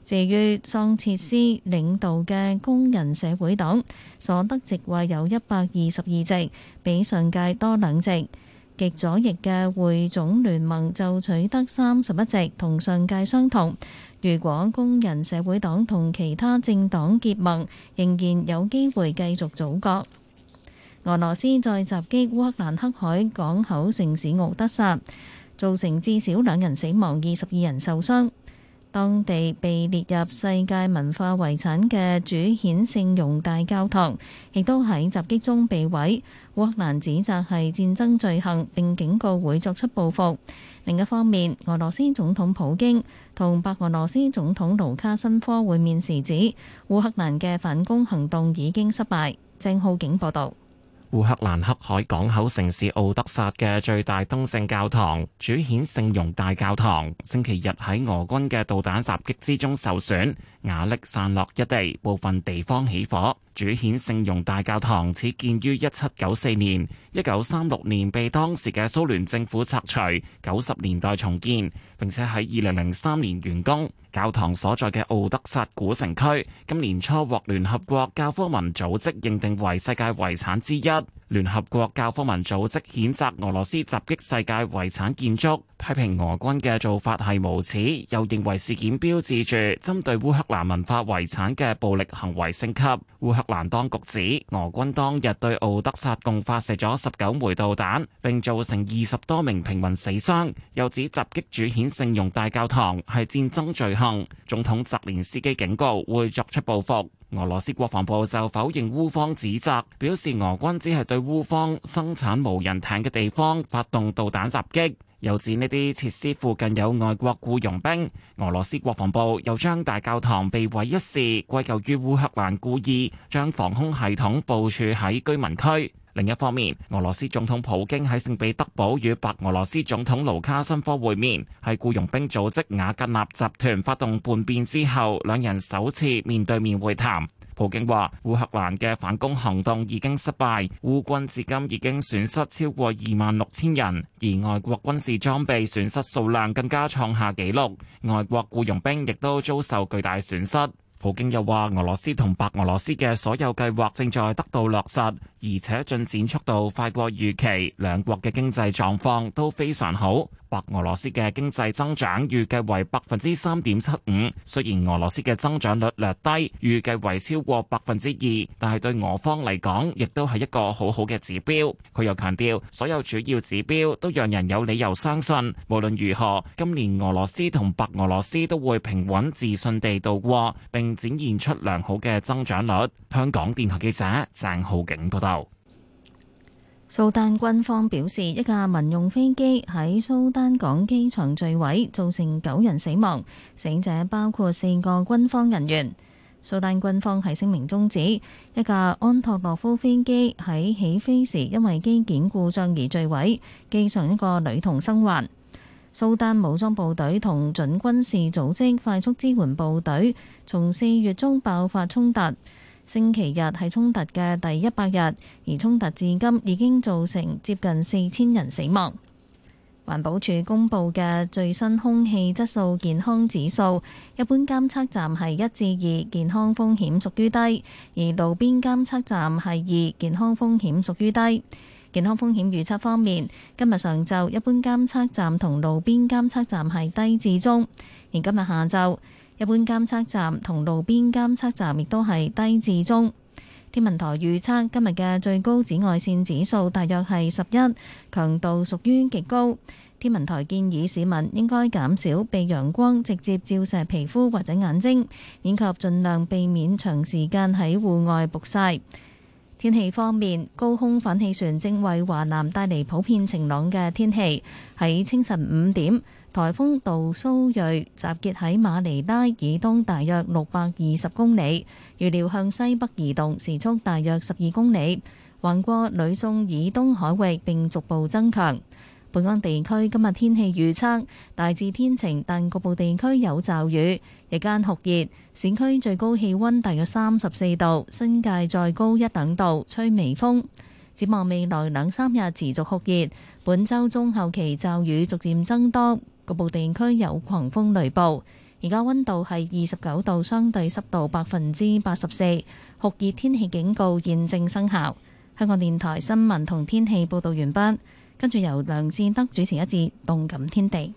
至於桑切斯領導嘅工人社會黨所得席位有一百二十二席，比上屆多兩席。極左翼嘅匯總聯盟就取得三十一席，同上屆相同。如果工人社會黨同其他政黨結盟，仍然有機會繼續組閣。俄羅斯再襲擊烏克蘭黑海港口城市奧德薩，造成至少兩人死亡，二十二人受傷。當地被列入世界文化遺產嘅主顯聖容大教堂，亦都喺襲擊中被毀。烏克蘭指責係戰爭罪行，並警告會作出報復。另一方面，俄羅斯總統普京同白俄羅斯總統盧卡申科會面時指，烏克蘭嘅反攻行動已經失敗。鄭浩景報道。烏克蘭黑海港口城市敖德薩嘅最大東正教堂主顯聖容大教堂，星期日喺俄軍嘅導彈襲擊之中受損，瓦礫散落一地，部分地方起火。主顯聖容大教堂始建於一七九四年，一九三六年被當時嘅蘇聯政府拆除，九十年代重建，並且喺二零零三年完工。教堂所在嘅奧德薩古城區，今年初獲聯合國教科文組織認定為世界遺產之一。聯合國教科文組織譴責俄羅斯襲擊世界遺產建築，批評俄軍嘅做法係無恥，又認為事件標誌住針對烏克蘭文化遺產嘅暴力行為升級，烏克蘭當局指俄軍當日對奧德薩共發射咗十九枚導彈，並造成二十多名平民死傷，又指襲擊主顯聖容大教堂係戰爭罪行。總統澤連斯基警告會作出報復。俄羅斯國防部就否認烏方指責，表示俄軍只係對烏方生產無人艇嘅地方發動導彈襲擊，又指呢啲設施附近有外國雇傭兵。俄羅斯國防部又將大教堂被毀一事歸咎於烏克蘭故意將防空系統部署喺居民區。另一方面，俄羅斯總統普京喺聖彼得堡與白俄羅斯總統盧卡申科會面，係僱傭兵組織瓦格納集團發動叛變之後，兩人首次面對面會談，普京話烏克蘭嘅反攻行動已經失敗，烏軍至今已經損失超過二萬六千人，而外國軍事裝備損失數量更加創下紀錄，外國僱傭兵亦都遭受巨大損失。普京又話，俄羅斯同白俄羅斯嘅所有計劃正在得到落實，而且進展速度快過預期，兩國嘅經濟狀況都非常好。白俄羅斯嘅經濟增長預計為百分之三點七五，雖然俄羅斯嘅增長率略低，預計為超過百分之二，但係對俄方嚟講亦都係一個好好嘅指標，佢又強調所有主要指標都讓人有理由相信，無論如何，今年俄羅斯同白俄羅斯都會平穩自信地度過並展現出良好嘅增長率。香港電台記者鄭浩景報道。蘇丹軍方表示，一架民用飛機喺蘇丹港機場墜毀，造成九人死亡，死者包括四個軍方人員。蘇丹軍方喺聲明中指，一架安托洛夫飛機喺起飛時因為機件故障而墜毀，機上一個女童生還。蘇丹武裝部隊同準軍事組織快速支援部隊從四月中爆發衝突。星期日係衝突嘅第一百日，而衝突至今已經造成接近四千人死亡。環保署公布嘅最新空氣質素健康指數，一般監測站係一至二，健康風險屬於低；而路邊監測站係二，健康風險屬於低。健康風險預測方面，今日上晝一般監測站同路邊監測站係低至中，而今日下晝，一般監測站同路邊監測站亦都係低至中。天文台預測今日嘅最高紫外線指數大約係十一，強度屬於極高。天文台建議市民應該減少被陽光直接照射皮膚或者眼睛，以及盡量避免長時間喺戶外曝曬。天氣方面，高空反氣旋正為華南帶嚟普遍晴朗嘅天氣，喺清晨五點。颱風杜蘇芮集結喺馬尼拉以東大約六百二十公里，預料向西北移動，時速大約十二公里，橫過呂宋以東海域並逐步增強。本港地區今日天氣預測大致天晴，但局部地區有驟雨，日間酷熱，市區最高氣溫大約三十四度，新界再高一兩度，吹微風。展望未來兩三日持續酷熱，本周中後期驟雨逐漸增多。局部地區有狂風雷暴，而家溫度係二十九度，相對濕度百分之八十四，酷熱天氣警告現正生效。香港電台新聞同天氣報導完畢，跟住由梁志德主持一節動感天地。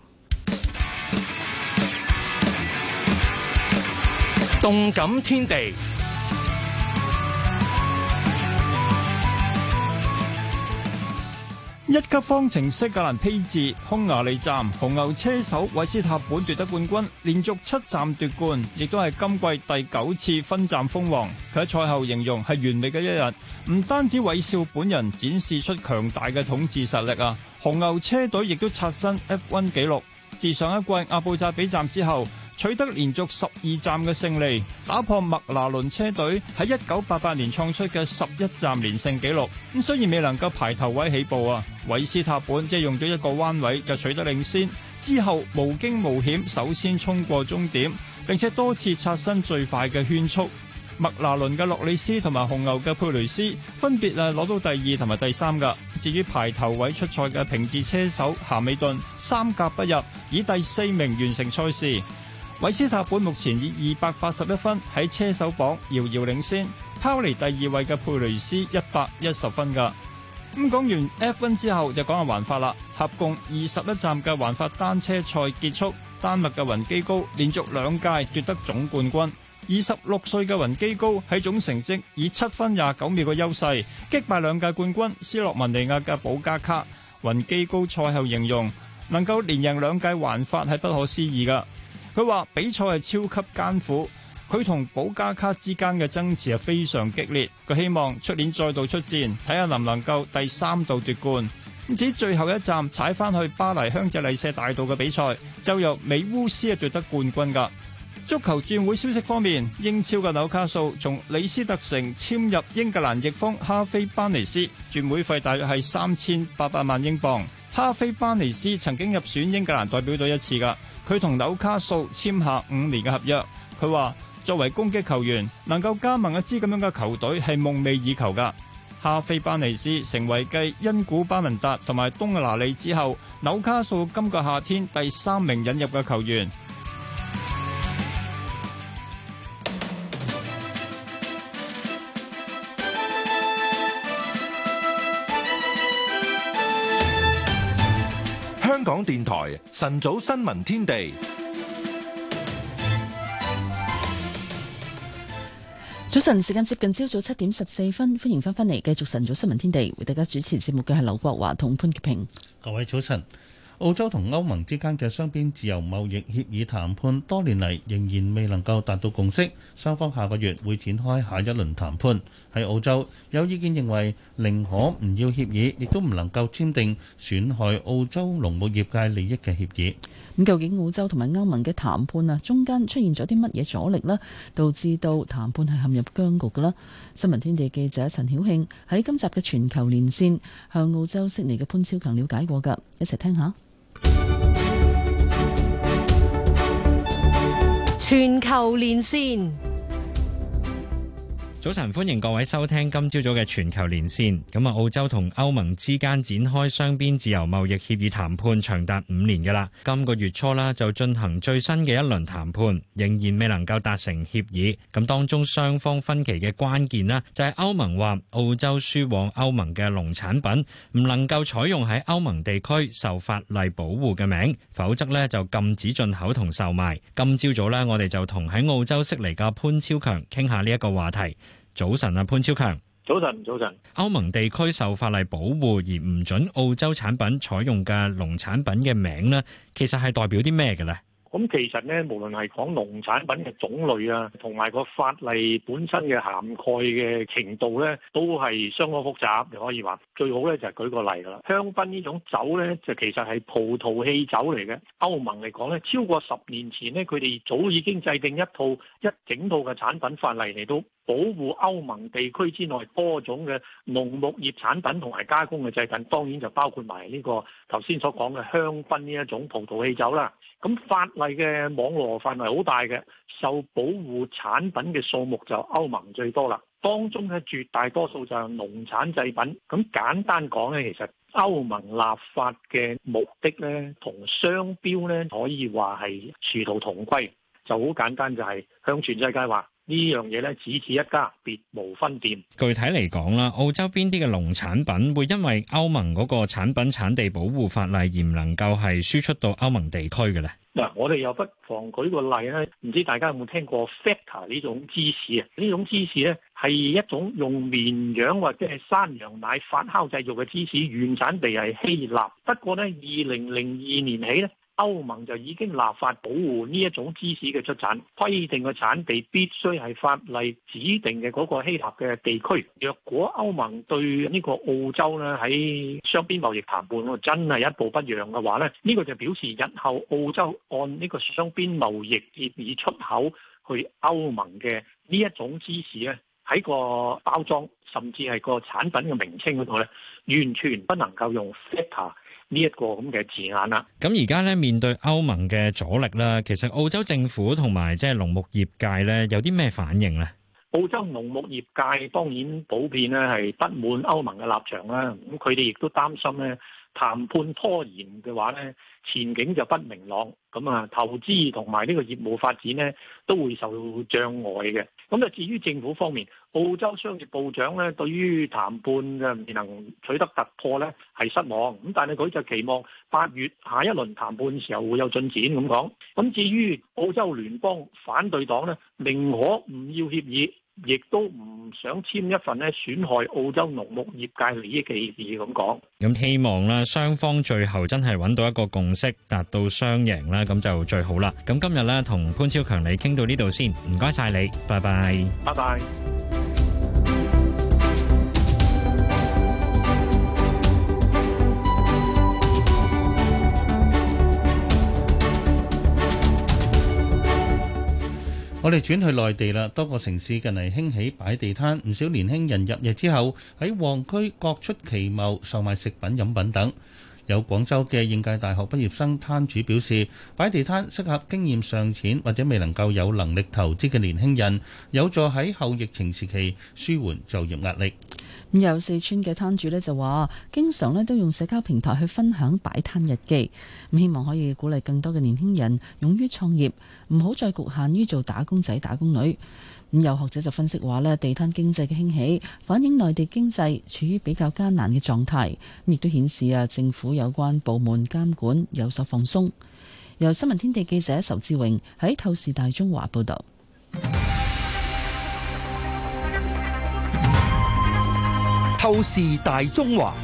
動感天地。一級方程式格蘭披治匈牙利站，紅牛車手韋斯塔本奪得冠軍，連續七站奪冠，亦都係今季第九次分站封王。佢喺賽後形容係完美嘅一日，唔單止韋少本人展示出強大嘅統治實力啊，紅牛車隊亦都刷新 F1 紀錄。自上一季阿布扎比站之後。取得連續十二站嘅勝利，打破麥拿倫車隊喺一九八八年創出嘅十一站連勝紀錄。咁雖然未能夠排頭位起步啊，韋斯塔本即係用咗一個彎位就取得領先，之後無驚無險首先衝過終點，並且多次刷新最快嘅圈速。麥拿倫嘅諾利斯同埋紅牛嘅佩雷斯分別啊攞到第二同埋第三㗎。至於排頭位出賽嘅平治車手夏美頓，三甲不入，以第四名完成賽事。韋斯塔本目前以二百八十一分喺車手榜遙遙領先，拋離第二位嘅佩雷斯一百一十分。噶咁講完 F1 之後，就講下環法啦。合共二十一站嘅環法單車賽結束，丹麥嘅雲基高連續兩屆奪得總冠軍。二十六歲嘅雲基高喺總成績以七分廿九秒嘅優勢擊敗兩屆冠軍斯洛文尼亞嘅保加卡。雲基高賽後形容能夠連贏兩屆環法係不可思議噶。佢話比賽係超級艱苦，佢同保加卡之間嘅爭持係非常激烈。佢希望出年再度出戰，睇下能唔能夠第三度奪冠。唔只最後一站踩翻去巴黎香榭麗舍大道嘅比賽，就由美烏斯啊奪得冠軍噶。足球轉會消息方面，英超嘅紐卡素從里斯特城簽入英格蘭翼鋒哈菲班尼斯，轉會費大約係三千八百萬英鎊。哈菲班尼斯曾經入選英格蘭代表隊一次噶。佢同紐卡素簽下五年嘅合約。佢話，作為攻擊球員，能夠加盟一支咁樣嘅球隊係夢寐以求噶。哈菲班尼斯成為繼因古巴文達同埋東阿拿利之後，紐卡素今個夏天第三名引入嘅球員。港電台晨早新聞天地，早晨，時間接近朝早七點十四分，歡迎翻返嚟，繼續晨早新聞天地，為大家主持節目嘅係劉國華同潘潔平，各位早晨。澳洲同歐盟之間嘅雙邊自由貿易協議談判多年嚟仍然未能夠達到共識，雙方下個月會展開下一輪談判。喺澳洲有意見認為，寧可唔要協議，亦都唔能夠簽訂損害澳洲農牧業界利益嘅協議。咁究竟澳洲同埋歐盟嘅談判啊，中間出現咗啲乜嘢阻力咧，導致到談判係陷入僵局嘅啦？新聞天地記者陳曉慶喺今集嘅全球連線向澳洲悉尼嘅潘超強了解過㗎，一齊聽一下。全球連線。早晨，歡迎各位收聽今朝早嘅全球連線。咁啊，澳洲同歐盟之間展開雙邊自由貿易協議談判長達五年噶啦。今個月初啦，就進行最新嘅一輪談判，仍然未能夠達成協議。咁當中雙方分歧嘅關鍵呢，就係歐盟話澳洲輸往歐盟嘅農產品唔能夠採用喺歐盟地區受法例保護嘅名，否則呢就禁止進口同售賣。今朝早呢，我哋就同喺澳洲悉尼嘅潘超強傾下呢一個話題。早晨啊，潘超強。早晨，早晨。歐盟地區受法例保護而唔准澳洲產品採用嘅農產品嘅名咧，其實，係代表啲咩嘅咧？咁其實咧，無論係講農產品嘅種類啊，同埋個法例本身嘅涵蓋嘅程度咧，都係相當複雜。你可以話最好咧，就係舉個例㗎啦。香檳呢種酒咧，就其實係葡萄汽酒嚟嘅。歐盟嚟講咧，超過十年前咧，佢哋早已經制定一套一整套嘅產品法例嚟到保護歐盟地區之內多種嘅農牧業產品同埋加工嘅製品，當然就包括埋呢個頭先所講嘅香檳呢一種葡萄汽酒啦。咁法例嘅網絡範圍好大嘅，受保護產品嘅數目就歐盟最多啦。當中嘅絕大多數就係農產製品。咁簡單講咧，其實歐盟立法嘅目的咧，同商標咧，可以話係殊途同歸，就好簡單就係向全世界話。呢樣嘢咧，只此一家，別無分店。具體嚟講啦，澳洲邊啲嘅農產品會因為歐盟嗰個產品產地保護法例而唔能夠係輸出到歐盟地區嘅咧？嗱，我哋又不妨舉個例咧，唔知大家有冇聽過 Feta 呢種芝士啊？呢種芝士咧係一種用綿羊或者係山羊奶發酵製造嘅芝士，原產地係希臘。不過咧，二零零二年起咧。歐盟就已經立法保護呢一種芝士嘅出產，規定嘅產地必須係法例指定嘅嗰個希臘嘅地區。若果歐盟對呢個澳洲咧喺雙邊貿易談判度真係一步不讓嘅話咧，呢個就表示日後澳洲按呢個雙邊貿易協議出口去歐盟嘅呢一種芝士咧，喺個包裝甚至係個產品嘅名稱嗰度咧，完全不能夠用 feta。呢一個咁嘅字眼啦。咁而家咧面對歐盟嘅阻力啦，其實澳洲政府同埋即係農牧業界咧有啲咩反應咧？澳洲農牧業界當然普遍咧係不滿歐盟嘅立場啦。咁佢哋亦都擔心咧。談判拖延嘅話咧，前景就不明朗，咁啊，投資同埋呢個業務發展咧都會受障礙嘅。咁啊，至於政府方面，澳洲商業部長咧對於談判啊未能取得突破咧係失望，咁但係佢就期望八月下一輪談判時候會有進展咁講。咁至於澳洲聯邦反對黨咧，寧可唔要協議。亦都唔想簽一份咧損害澳洲農牧業界利益嘅事，咁講。咁希望咧雙方最後真係揾到一個共識，達到雙贏啦，咁就最好啦。咁今日咧同潘超強你傾到呢度先，唔該晒你，拜拜。拜拜。我哋轉去內地啦，多個城市近嚟興起擺地攤，唔少年輕人入夜之後，喺旺區各出奇謀，售賣食品、飲品等。有廣州嘅應屆大學畢業生攤主表示，擺地攤適合經驗尚淺或者未能夠有能力投資嘅年輕人，有助喺後疫情時期舒緩就業壓力。有四川嘅攤主呢就話，經常呢都用社交平台去分享擺攤日記，希望可以鼓勵更多嘅年輕人勇於創業，唔好再局限於做打工仔、打工女。咁有學者就分析話咧，地攤經濟嘅興起反映內地經濟處於比較艱難嘅狀態，亦都顯示啊政府有關部門監管有所放鬆。由新聞天地記者仇志榮喺《透視,透視大中華》報道，《透視大中華》。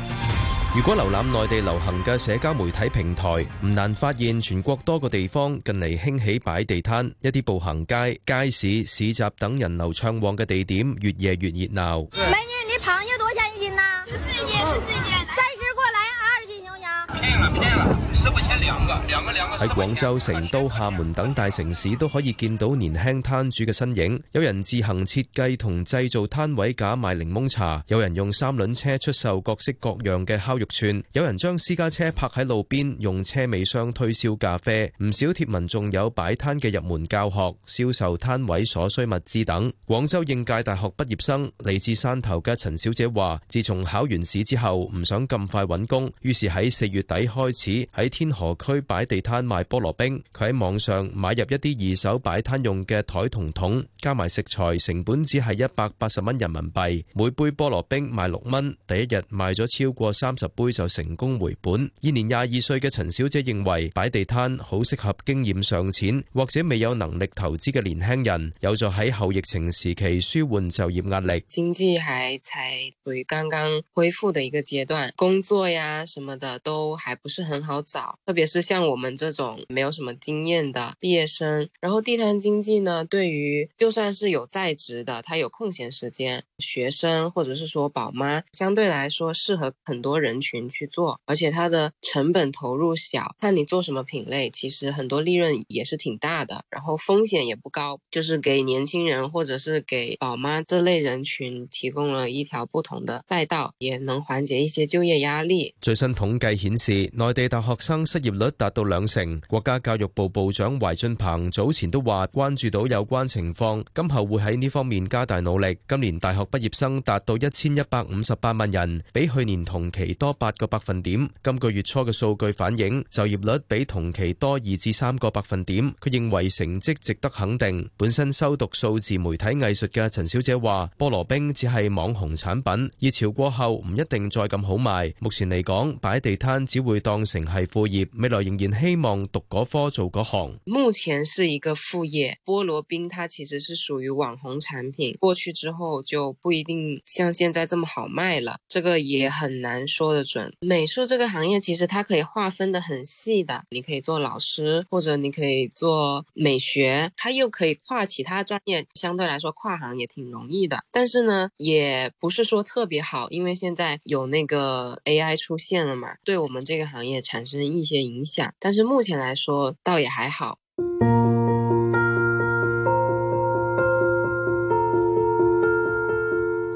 如果瀏覽內地流行嘅社交媒體平台，唔難發現全國多個地方近嚟興起擺地攤，一啲步行街、街市、市集等人流暢旺嘅地點，越夜越熱鬧。美女對，你螃蟹多錢一斤呢？十四斤，十四斤，三十過嚟，二十斤行唔行？騙 *noise* 啦，騙啦，食 *noise* 喺廣州、成都、廈門等大城市都可以見到年輕攤主嘅身影。有人自行設計同製造攤位架賣檸檬茶，有人用三輪車出售各式各樣嘅烤肉串，有人將私家車泊喺路邊用車尾箱推銷咖啡。唔少貼文仲有擺攤嘅入門教學、銷售攤位所需物資等。廣州應屆大學畢業生嚟自汕頭嘅陳小姐話，自從考完試之後，唔想咁快揾工，於是喺四月底開始喺天河區擺地攤賣菠蘿冰，佢喺網上買入一啲二手擺攤用嘅台同桶，加埋食材成本只係一百八十蚊人民幣，每杯菠蘿冰賣六蚊，第一日賣咗超過三十杯就成功回本。現年廿二歲嘅陳小姐認為，擺地攤好適合經驗尚淺或者未有能力投資嘅年輕人，有助喺後疫情時期舒緩就業壓力。經濟係才屬於剛剛恢復嘅一個階段，工作呀什麼的都還不是很好找，特別。也是像我們這種沒有什麼經驗的畢業生，然後地攤經濟呢，對於就算是有在職的，他有空閒時間，學生或者是說寶媽，相對來說適合很多人群去做，而且它的成本投入小，看你做什麼品類，其實很多利潤也是挺大的，然後風險也不高，就是給年輕人或者是給寶媽這類人群提供了一條不同的賽道，也能緩解一些就業壓力。最新統計顯示，內地大學生失業。率達到兩成。國家教育部部長懷進鵬早前都話關注到有關情況，今後會喺呢方面加大努力。今年大學畢業生達到一千一百五十八萬人，比去年同期多八個百分點。今個月初嘅數據反映，就業率比同期多二至三個百分點。佢認為成績值得肯定。本身修讀數字媒體藝術嘅陳小姐話：菠蘿冰只係網紅產品，熱潮過後唔一定再咁好賣。目前嚟講，擺地攤只會當成係副業。未來仍然希望讀嗰科做嗰行。目前是一個副業，菠蘿冰，它其實是屬於網紅產品。過去之後就不一定像現在這麼好賣了，這個也很難說得準。美術這個行業其實它可以劃分的很細的，你可以做老師，或者你可以做美學，它又可以跨其他專業，相對來說跨行也挺容易的。但是呢，也不是說特別好，因為現在有那個 AI 出現了嘛，對我們這個行業產生一些影。影響，但是目前來說倒也還好。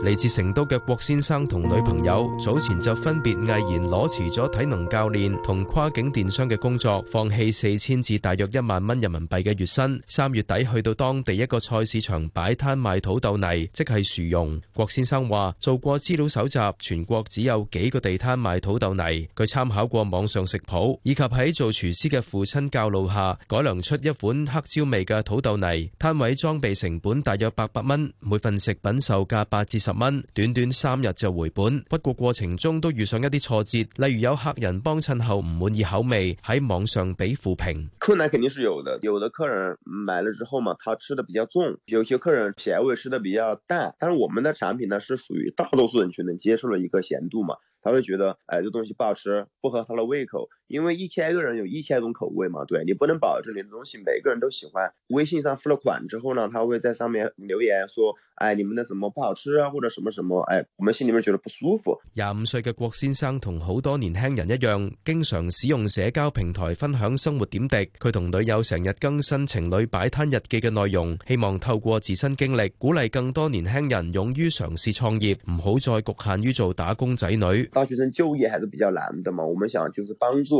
嚟自成都嘅郭先生同女朋友早前就分別毅然攞辭咗體能教練同跨境電商嘅工作，放棄四千至大約一萬蚊人民幣嘅月薪。三月底去到當地一個菜市場擺攤賣土豆泥，即係薯蓉。郭先生話做過資料搜集，全國只有幾個地攤賣土豆泥。佢參考過網上食譜以及喺做廚師嘅父親教路下，改良出一款黑椒味嘅土豆泥。攤位裝備成本大約八百蚊，每份食品售價八至十。十蚊，短短三日就回本。不過過程中都遇上一啲挫折，例如有客人幫襯後唔滿意口味，喺網上俾負評。困難肯定是有的，有的客人買了之後嘛，他吃的比較重，有些客人鹹味吃的比較淡，但是我們的產品呢，是屬於大多數人群能接受的一個鹹度嘛，他會覺得誒，呢個東西不好吃，不合他的胃口。因為一千個人有一千種口味嘛，對，你不能保證你的東西每個人都喜歡。微信上付了款之後呢，他會在上面留言說：“哎，你們的什麼不好吃啊，或者什麼什麼？”哎，我們心裏面覺得不舒服。廿五歲嘅郭先生同好多年輕人一樣，經常使用社交平台分享生活點滴。佢同女友成日更新情侶擺攤日記嘅內容，希望透過自身經歷鼓勵更多年輕人勇於嘗試創業，唔好再局限於做打工仔女。大學生就業還是比較難的嘛，我們想就是幫助。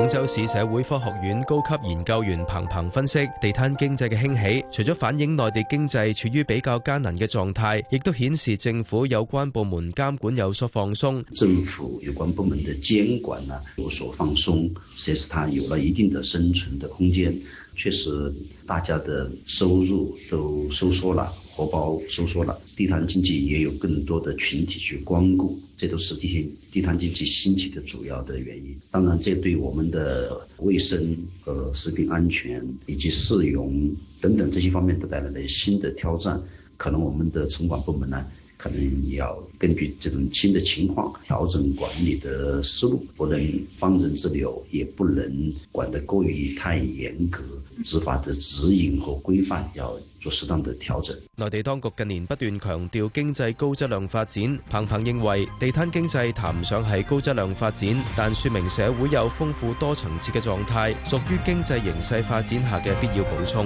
廣州市社會科學院高級研究員彭彭分析，地攤經濟嘅興起，除咗反映內地經濟處於比較艱難嘅狀態，亦都顯示政府有關部門監管有所放鬆。政府有關部門的監管啊有所放鬆，使他有了一定的生存的空間。確實，大家的收入都收縮啦。荷包收縮了，地攤經濟也有更多的群體去光顧，這都是地攤地攤經濟興起的主要的原因。當然，這對我們的衛生、和食品安全以及市容等等這些方面都帶來了新的挑戰，可能我們的城管部門呢？可能要根據這種新的情況調整管理的思路，不能放任自流，也不能管得過於太嚴格。執法的指引和規範要做適當的調整。內地當局近年不斷強調經濟高質量發展，彭彭認為地攤經濟談唔上係高質量發展，但說明社會有豐富多層次嘅狀態，屬於經濟形勢發展下嘅必要補充。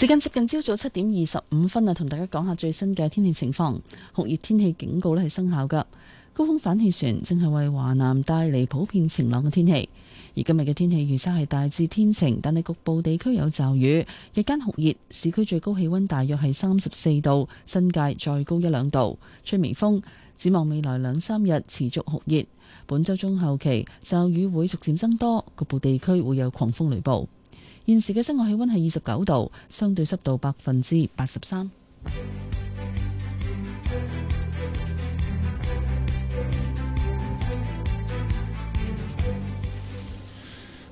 時間接近朝早七點二十五分啊，同大家講下最新嘅天氣情況。酷熱天氣警告咧係生效噶，高空反氣旋正係為華南帶嚟普遍晴朗嘅天氣。而今日嘅天氣預測係大致天晴，但係局部地區有驟雨。日間酷熱，市區最高氣溫大約係三十四度，新界再高一兩度，吹微風。展望未來兩三日持續酷熱，本周中後期驟雨會逐漸增多，局部地區會有狂風雷暴。現時嘅室外氣溫係二十九度，相對濕度百分之八十三。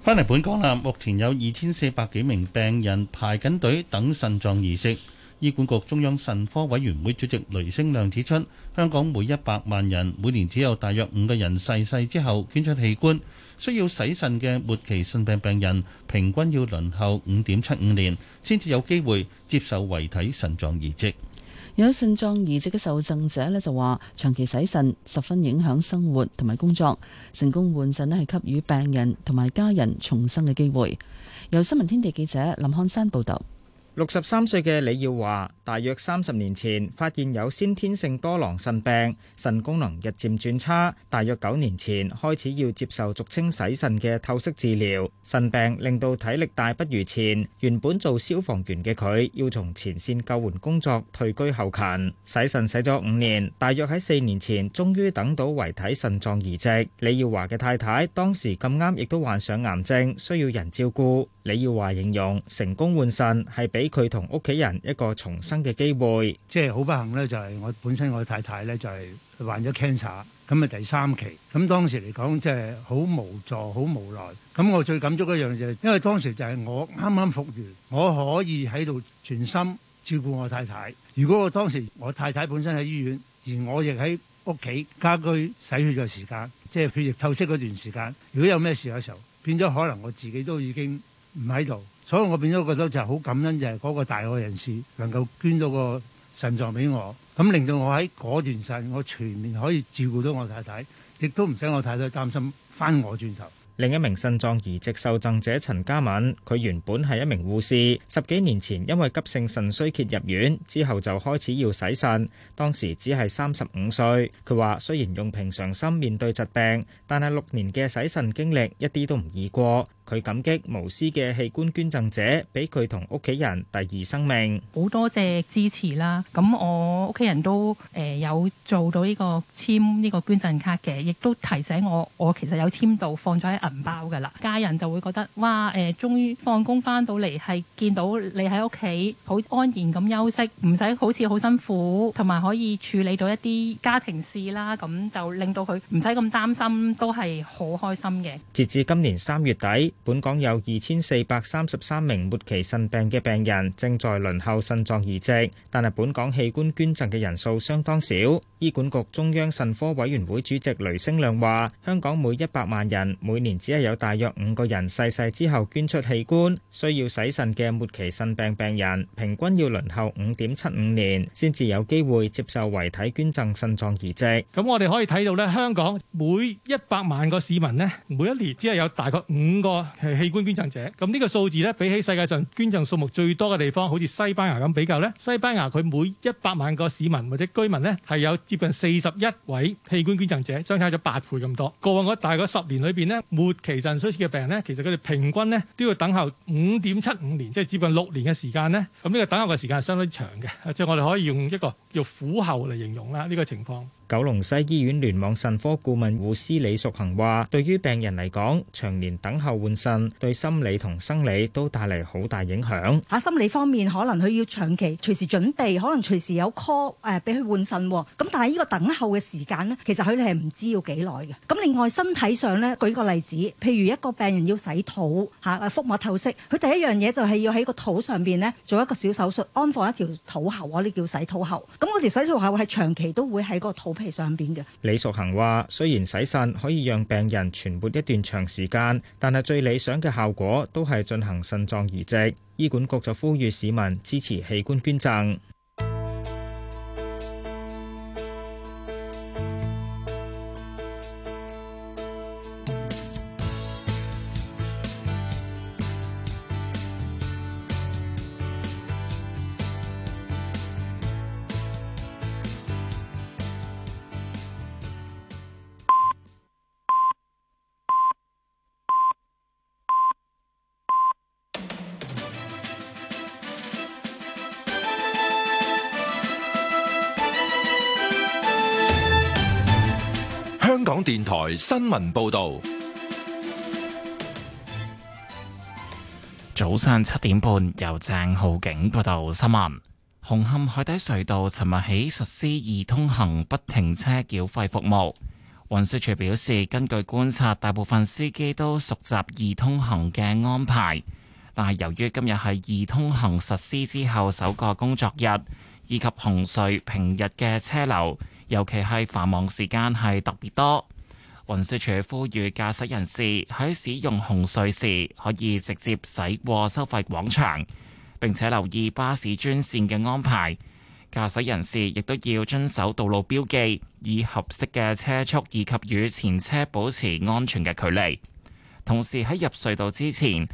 翻嚟本港啦，目前有二千四百幾名病人排緊隊等腎臟移植。醫管局中央腎科委員會主席雷聲亮指出，香港每一百萬人每年只有大約五個人逝世之後捐出器官。需要洗腎嘅末期腎病病人，平均要輪候五點七五年，先至有機會接受遺體腎臟移植。有腎臟移植嘅受贈者呢，就話長期洗腎十分影響生活同埋工作。成功換腎呢，係給予病人同埋家人重生嘅機會。由新聞天地記者林漢山報道。六十三歲嘅李耀華，大約三十年前發現有先天性多囊腎病，腎功能日漸轉差。大約九年前開始要接受俗稱洗腎嘅透析治療，腎病令到體力大不如前。原本做消防員嘅佢，要從前線救援工作退居後勤。洗腎洗咗五年，大約喺四年前終於等到遺體腎臟移植。李耀華嘅太太當時咁啱亦都患上癌症，需要人照顧。李耀華形容成功換腎係比佢同屋企人一個重生嘅機會，即係好不幸咧，就係我本身我太太咧就係患咗 cancer，咁啊第三期，咁當時嚟講即係好無助、好無奈。咁我最感觸一樣就係，因為當時就係我啱啱復原，我可以喺度全心照顧我太太。如果我當時我太太本身喺醫院，而我亦喺屋企家居洗血嘅時間，即係血液透析嗰段時間，如果有咩事嘅時候，變咗可能我自己都已經唔喺度。所以我變咗覺得就好感恩，就係嗰個大愛人士能夠捐咗個腎臟俾我，咁令到我喺嗰段時間我全面可以照顧到我太太，亦都唔使我太太擔心返我轉頭。另一名腎臟移植受贈者陳嘉敏，佢原本係一名護士，十幾年前因為急性腎衰竭入院，之後就開始要洗腎。當時只係三十五歲，佢話雖然用平常心面對疾病，但係六年嘅洗腎經歷一啲都唔易過。佢感激無私嘅器官捐贈者，俾佢同屋企人第二生命。好多謝支持啦！咁我屋企人都誒有做到呢個簽呢個捐贈卡嘅，亦都提醒我我其實有簽到放咗喺。唔包嘅啦，家人就會覺得哇誒，終於放工返到嚟係見到你喺屋企好安然咁休息，唔使好似好辛苦，同埋可以處理到一啲家庭事啦，咁就令到佢唔使咁擔心，都係好開心嘅。截至今年三月底，本港有二千四百三十三名末期腎病嘅病人正在輪候腎臟移植，但係本港器官捐贈嘅人數相當少。醫管局中央腎科委員會主席雷聲亮話：香港每一百萬人每年只係有大約五個人逝世之後捐出器官，需要洗腎嘅末期腎病病人，平均要輪候五點七五年先至有機會接受遺體捐贈腎臟移植。咁我哋可以睇到咧，香港每一百萬個市民呢，每一年只係有大概五個係器官捐贈者。咁呢個數字呢，比起世界上捐贈數目最多嘅地方，好似西班牙咁比較呢，西班牙佢每一百萬個市民或者居民呢，係有接近四十一位器官捐贈者，相差咗八倍咁多。過往我大概十年裏邊呢，每末期腎衰竭嘅病人咧，其實佢哋平均咧都要等候五點七五年，即係接近六年嘅時間咧。咁、這、呢個等候嘅時間係相當長嘅，即係我哋可以用一個叫苦候嚟形容啦呢個情況。九龍西醫院聯網腎科顧問護師李淑恒話，對於病人嚟講，長年等候換腎，對心理同生理都帶嚟好大影響。吓，心理方面可能佢要長期隨時準備，可能隨時有 call 誒、呃，俾佢換腎。咁但係呢個等候嘅時間呢，其實佢哋係唔知要幾耐嘅。咁另外身體上咧，舉個例子，譬如一個病人要洗肚吓，誒、啊、腹膜透析，佢第一樣嘢就係要喺個肚上邊呢做一個小手術，安放一條肚喉，呢、那、叫、個、洗肚喉。咁嗰條洗肚喉係長期都會喺個肚皮上邊嘅。李淑恒話，雖然洗腎可以讓病人存活一段長時間，但係最理想嘅效果都係進行腎臟移植。醫管局就呼籲市民支持器官捐贈。電台新聞報道，早上七點半由鄭浩景報道新聞。紅磡海底隧道尋日起實施易通行不停車繳費服務。運輸署表示，根據觀察，大部分司機都熟習易通行嘅安排。但係由於今日係易通行實施之後首個工作日，以及紅隧平日嘅車流，尤其係繁忙時間係特別多。運輸署呼籲駕駛人士喺使用紅隧時可以直接駛過收費廣場，並且留意巴士專線嘅安排。駕駛人士亦都要遵守道路標記，以合適嘅車速以及與前車保持安全嘅距離。同時喺入隧道之前，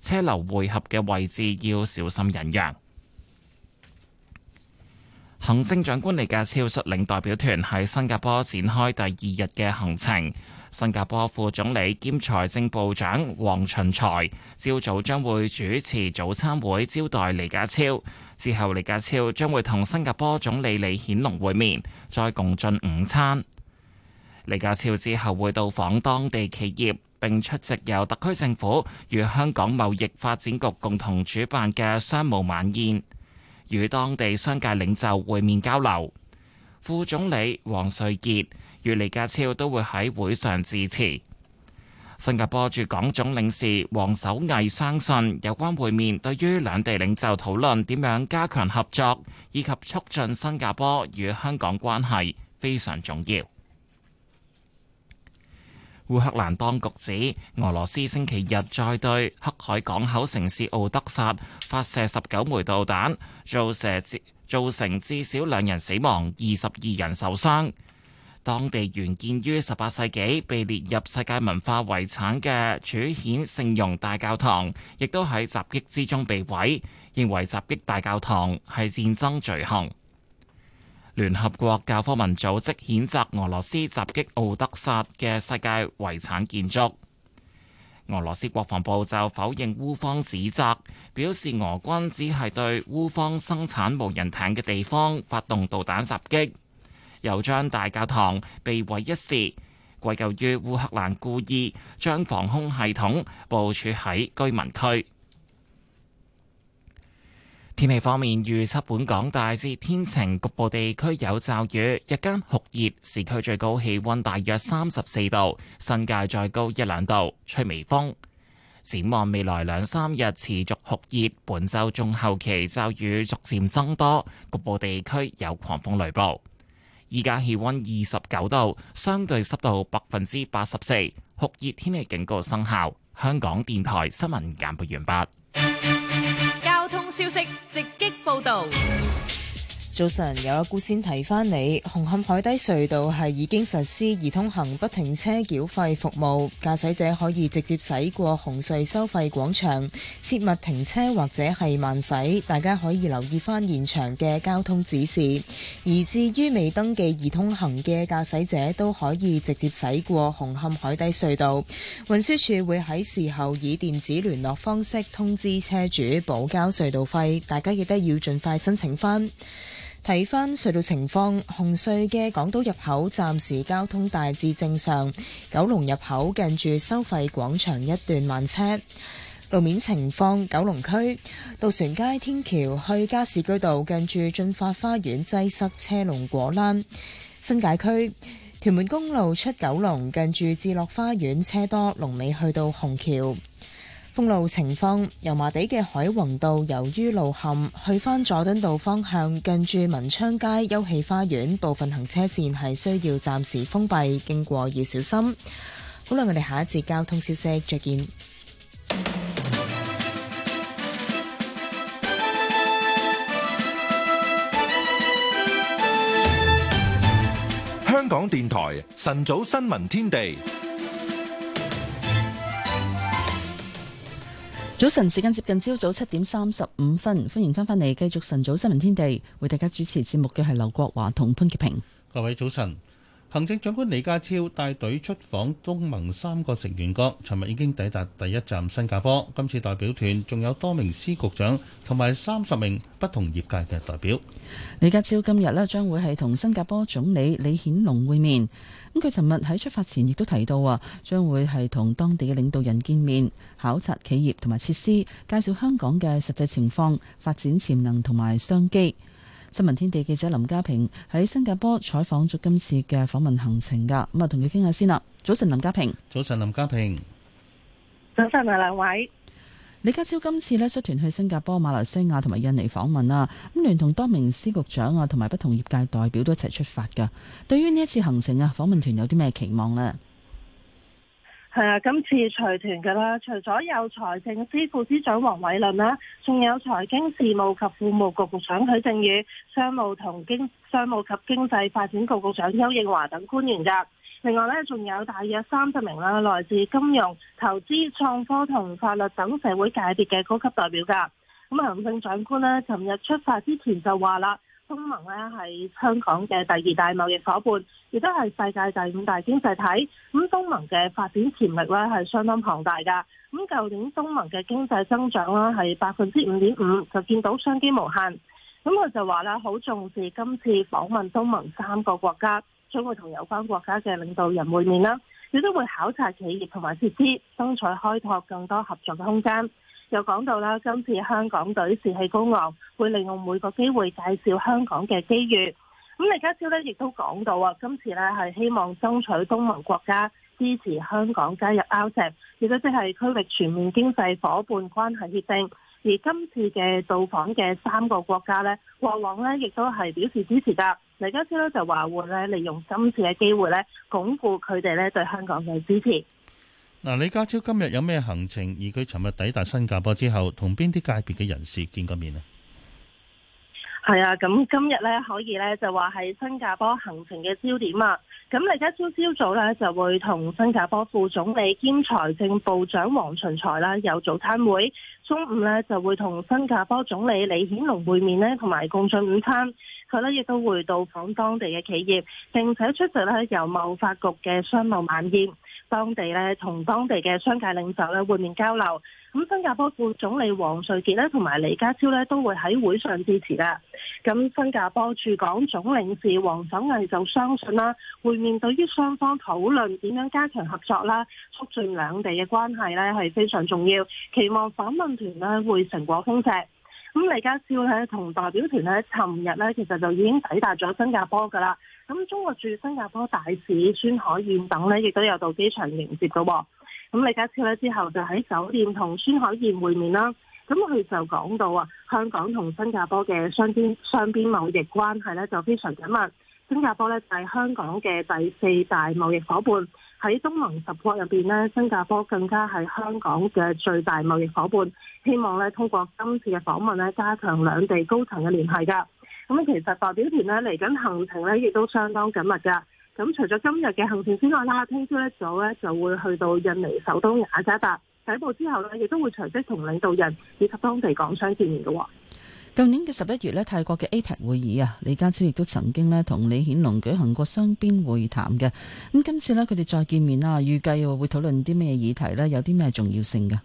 車流匯合嘅位置要小心忍讓。行政長官李家超率領代表團喺新加坡展開第二日嘅行程。新加坡副總理兼財政部長黃循財朝早將會主持早餐會招待李家超，之後李家超將會同新加坡總理李顯龍會面，再共進午餐。李家超之後會到訪當地企業，並出席由特區政府與香港貿易發展局共同主辦嘅商務晚宴。與當地商界領袖會面交流，副總理王瑞杰與李家超都會喺會上致辭。新加坡駐港總領事王守毅相信，有關會面對於兩地領袖討論點樣加強合作以及促進新加坡與香港關係非常重要。烏克蘭當局指，俄羅斯星期日再對黑海港口城市敖德薩發射十九聯合國教科文組織譴責俄羅斯襲擊奧德薩嘅世界遺產建築。俄羅斯國防部就否認烏方指責，表示俄軍只係對烏方生產無人艇嘅地方發動導彈襲擊，又將大教堂被毀一事歸咎於烏克蘭故意將防空系統部署喺居民區。天氣方面，預測本港大致天晴，局部地區有驟雨，日間酷熱，市區最高氣温大約三十四度，新界再高一兩度，吹微風。展望未來兩三日持續酷熱，本周中後期驟雨逐漸增多，局部地區有狂風雷暴。依家氣温二十九度，相對濕度百分之八十四，酷熱天氣警告生效。香港電台新聞簡報完畢。消息直擊報導。早晨，有阿姑先提翻你，紅磡海底隧道係已經實施易通行不停車繳費服務，駕駛者可以直接駛過紅隧收費廣場，切勿停車或者係慢駛。大家可以留意翻現場嘅交通指示。而至於未登記易通行嘅駕駛者，都可以直接駛過紅磡海底隧道。運輸署會喺事後以電子聯絡方式通知車主補交隧道費，大家亦都要盡快申請翻。睇翻隧道情況，紅隧嘅港島入口暫時交通大致正常。九龍入口近住收費廣場一段慢車。路面情況，九龍區渡船街天橋去加士居道近住進發花園擠塞車龍果欄。新界區屯門公路出九龍近住置樂花園車多，龍尾去到紅橋。公路情況，油麻地嘅海泓道由於路陷，去翻佐敦道方向，近住文昌街休憩花園部分行車線係需要暫時封閉，經過要小心。好啦，我哋下一節交通消息再見。香港電台晨早新聞天地。早晨，時間接近朝早七點三十五分，歡迎翻返嚟，繼續晨早新聞天地，為大家主持節目嘅係劉國華同潘潔平。各位早晨。行政長官李家超帶隊出訪東盟三個成員國，尋日已經抵達第一站新加坡。今次代表團仲有多名司局長同埋三十名不同業界嘅代表。李家超今日呢將會係同新加坡總理李顯龍會面。咁佢尋日喺出發前亦都提到啊，將會係同當地嘅領導人見面、考察企業同埋設施，介紹香港嘅實際情況、發展潛能同埋商機。新聞天地記者林家平喺新加坡採訪咗今次嘅訪問行程噶，咁啊同佢傾下先啦。早晨，林家平。早晨，林家平。早晨啊，兩位。李家超今次呢率團去新加坡、馬來西亞同埋印尼訪問啊，咁連同多名司局長啊同埋不同業界代表都一齊出發噶。對於呢一次行程啊，訪問團有啲咩期望呢？係啊，今次隨團噶啦，除咗有財政司副司長黃偉綸啦，仲有財經事務及庫務局局長許正宇、商務同經商務及經濟發展局局長丘應樺等官員噶。另外咧，仲有大約三十名啦，來自金融、投資、創科同法律等社會界別嘅高級代表噶。咁行政長官咧，琴日出發之前就話啦。東盟咧係香港嘅第二大貿易夥伴，亦都係世界第五大經濟體。咁東盟嘅發展潛力咧係相當龐大噶。咁舊年東盟嘅經濟增長啦係百分之五點五，就見到商機無限。咁佢就話啦，好重視今次訪問東盟三個國家，將會同有關國家嘅領導人會面啦，亦都會考察企業同埋設施，爭取開拓更多合作嘅空間。又講到啦，今次香港隊士氣高昂，會利用每個機會介紹香港嘅機遇。咁李家超咧亦都講到啊，今次咧係希望爭取東盟國家支持香港加入 RCEP，亦都即係區域全面經濟伙伴關係協定。而今次嘅到訪嘅三個國家咧，往往咧亦都係表示支持噶。李家超咧就話會咧利用今次嘅機會咧，鞏固佢哋咧對香港嘅支持。嗱，李家超今日有咩行程？而佢尋日抵達新加坡之後，同邊啲界別嘅人士見過面啊？係啊，咁今日咧可以咧就話係新加坡行程嘅焦點啊！咁李家超朝朝早咧就會同新加坡副總理兼財政部長黃循財啦有早餐會，中午咧就會同新加坡總理李顯龍會面咧，同埋共進午餐。佢咧亦都會到訪當地嘅企業，並且出席咧由貿發局嘅商務晚宴，當地咧同當地嘅商界領袖咧會面交流。咁新加坡副總理王瑞杰咧同埋李家超咧都會喺會上致辭啦。咁新加坡駐港總領事王守毅就相信啦、啊，會面對於雙方討論點樣加強合作啦、啊，促進兩地嘅關係咧係非常重要，期望訪問團呢會成果豐碩。咁李家超咧同代表團咧，尋日咧其實就已經抵達咗新加坡噶啦。咁中國駐新加坡大使孫海燕等咧亦都有到機場迎接噶、啊。咁李家超咧之後就喺酒店同孫海燕會面啦。咁佢就講到啊，香港同新加坡嘅雙邊雙邊貿易關係咧就非常緊密。新加坡咧就係香港嘅第四大貿易伙伴，喺東盟十國入邊咧，新加坡更加係香港嘅最大貿易伙伴。希望咧通過今次嘅訪問咧，加強兩地高層嘅聯繫㗎。咁其實代表團咧嚟緊行程咧亦都相當緊密㗎。咁除咗今日嘅行程之外啦，聽朝一早咧就，就會去到印尼首都雅加達。起步之後呢，亦都會隨即同領導人以及當地港商見雙面嘅喎。舊年嘅十一月咧，泰國嘅 APEC 會議啊，李家超亦都曾經咧同李顯龍舉行過雙邊會談嘅。咁今次咧，佢哋再見面啦，預計會討論啲咩議題咧？有啲咩重要性嘅？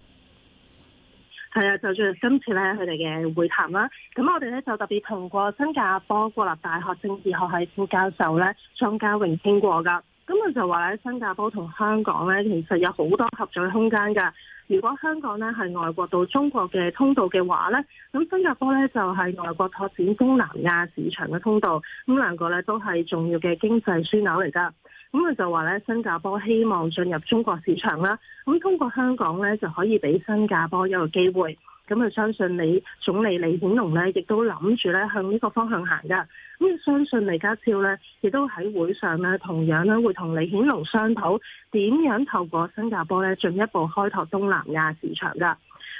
係啊，就算今次咧，佢哋嘅會談啦。咁我哋咧就特別同過新加坡國立大學政治學系副教授咧張家榮傾過噶。咁佢就話咧，新加坡同香港咧，其實有好多合作嘅空間嘅。如果香港咧係外國到中國嘅通道嘅話咧，咁新加坡咧就係外國拓展東南亞市場嘅通道，咁兩個咧都係重要嘅經濟樞紐嚟㗎。咁佢就話咧，新加坡希望進入中國市場啦，咁通過香港咧就可以俾新加坡一個機會。咁啊，相信李總理李顯龍咧，亦都諗住咧向呢個方向行噶。咁相信李家超咧，亦都喺會上咧同樣咧會同李顯龍商討點樣透過新加坡咧進一步開拓東南亞市場噶。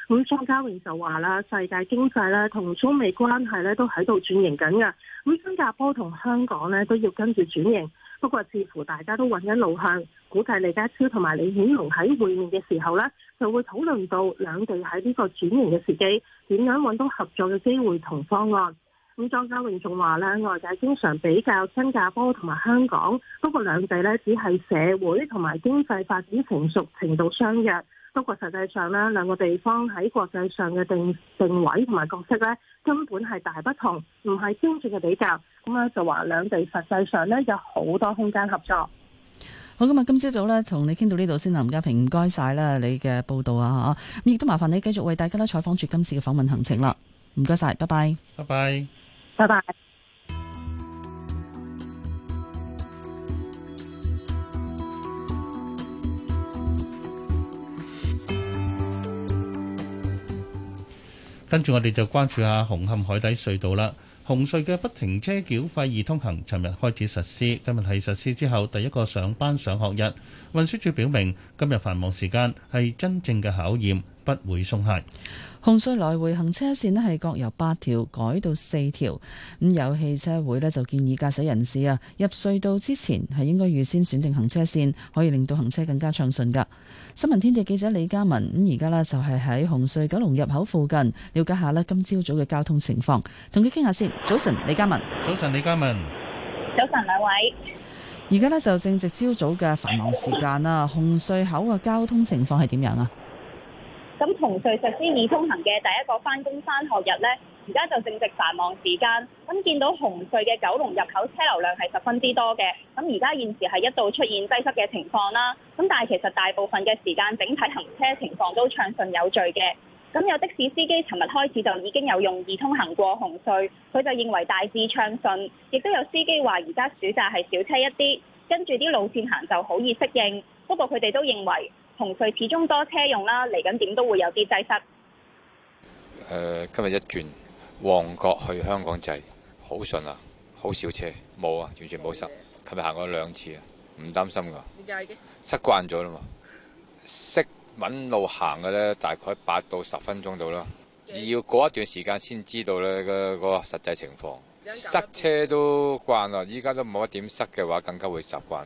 咁、嗯、張家榮就話啦，世界經濟咧同中美關係咧都喺度轉型緊噶。咁、嗯、新加坡同香港咧都要跟住轉型。不過，似乎大家都揾緊路向。估計，李家超同埋李顯龍喺會面嘅時候呢，就會討論到兩地喺呢個轉型嘅時機，點樣揾到合作嘅機會同方案。咁莊家榮仲話呢，外界經常比較新加坡同埋香港，不過兩地呢，只係社會同埋經濟發展成熟程度相若。不過實際上呢，兩個地方喺國際上嘅定定位同埋角色咧，根本係大不同，唔係標準嘅比較。咁、嗯、咧就話兩地實際上呢，有好多空間合作。好，今日今朝早呢，同你傾到呢度先，林家平唔該晒啦，你嘅報道啊吓，咁亦都麻煩你繼續為大家呢，採訪住今次嘅訪問行程啦。唔該晒，拜拜，拜拜，拜拜。拜拜。跟住我哋就關注下紅磡海底隧道啦。紅隧嘅不停車繳費易通行，尋日開始實施，今日係實施之後第一個上班上學日。運輸署表明，今日繁忙時間係真正嘅考驗，不會鬆懈。紅隧來回行車線咧，係各由八條改到四條，咁有汽車會咧就建議駕駛人士啊，入隧道之前係應該預先選定行車線，可以令到行車更加暢順㗎。新聞天地記者李嘉文，咁而家咧就係喺紅隧九龍入口附近了解下咧今朝早嘅交通情況，同佢傾下先。早晨，李嘉文。早晨，李嘉文。早晨，兩位。而家咧就正值朝早嘅繁忙時間啦，紅隧口嘅交通情況係點樣啊？咁紅隧實施易通行嘅第一個返工返學日呢，而家就正值繁忙時間，咁見到紅隧嘅九龍入口車流量係十分之多嘅，咁而家現時係一度出現擠塞嘅情況啦，咁但係其實大部分嘅時間，整體行車情況都暢順有序嘅。咁有的士司機尋日開始就已經有用易通行過紅隧，佢就認為大致暢順，亦都有司機話而家主駕係少車一啲，跟住啲路線行就好易適應。不過佢哋都認為。紅隧始終多車用啦，嚟緊點都會有啲擠塞。誒，今日一轉旺角去香港仔好順啊，好少車，冇啊，完全冇塞。琴日的行過兩次啊，唔擔心噶，塞的慣咗啦嘛，識搵路行嘅呢，大概八到十分鐘到啦。的要過一段時間先知道呢個、那個實際情況。塞車都慣啦，依家都冇乜點塞嘅話，更加會習慣。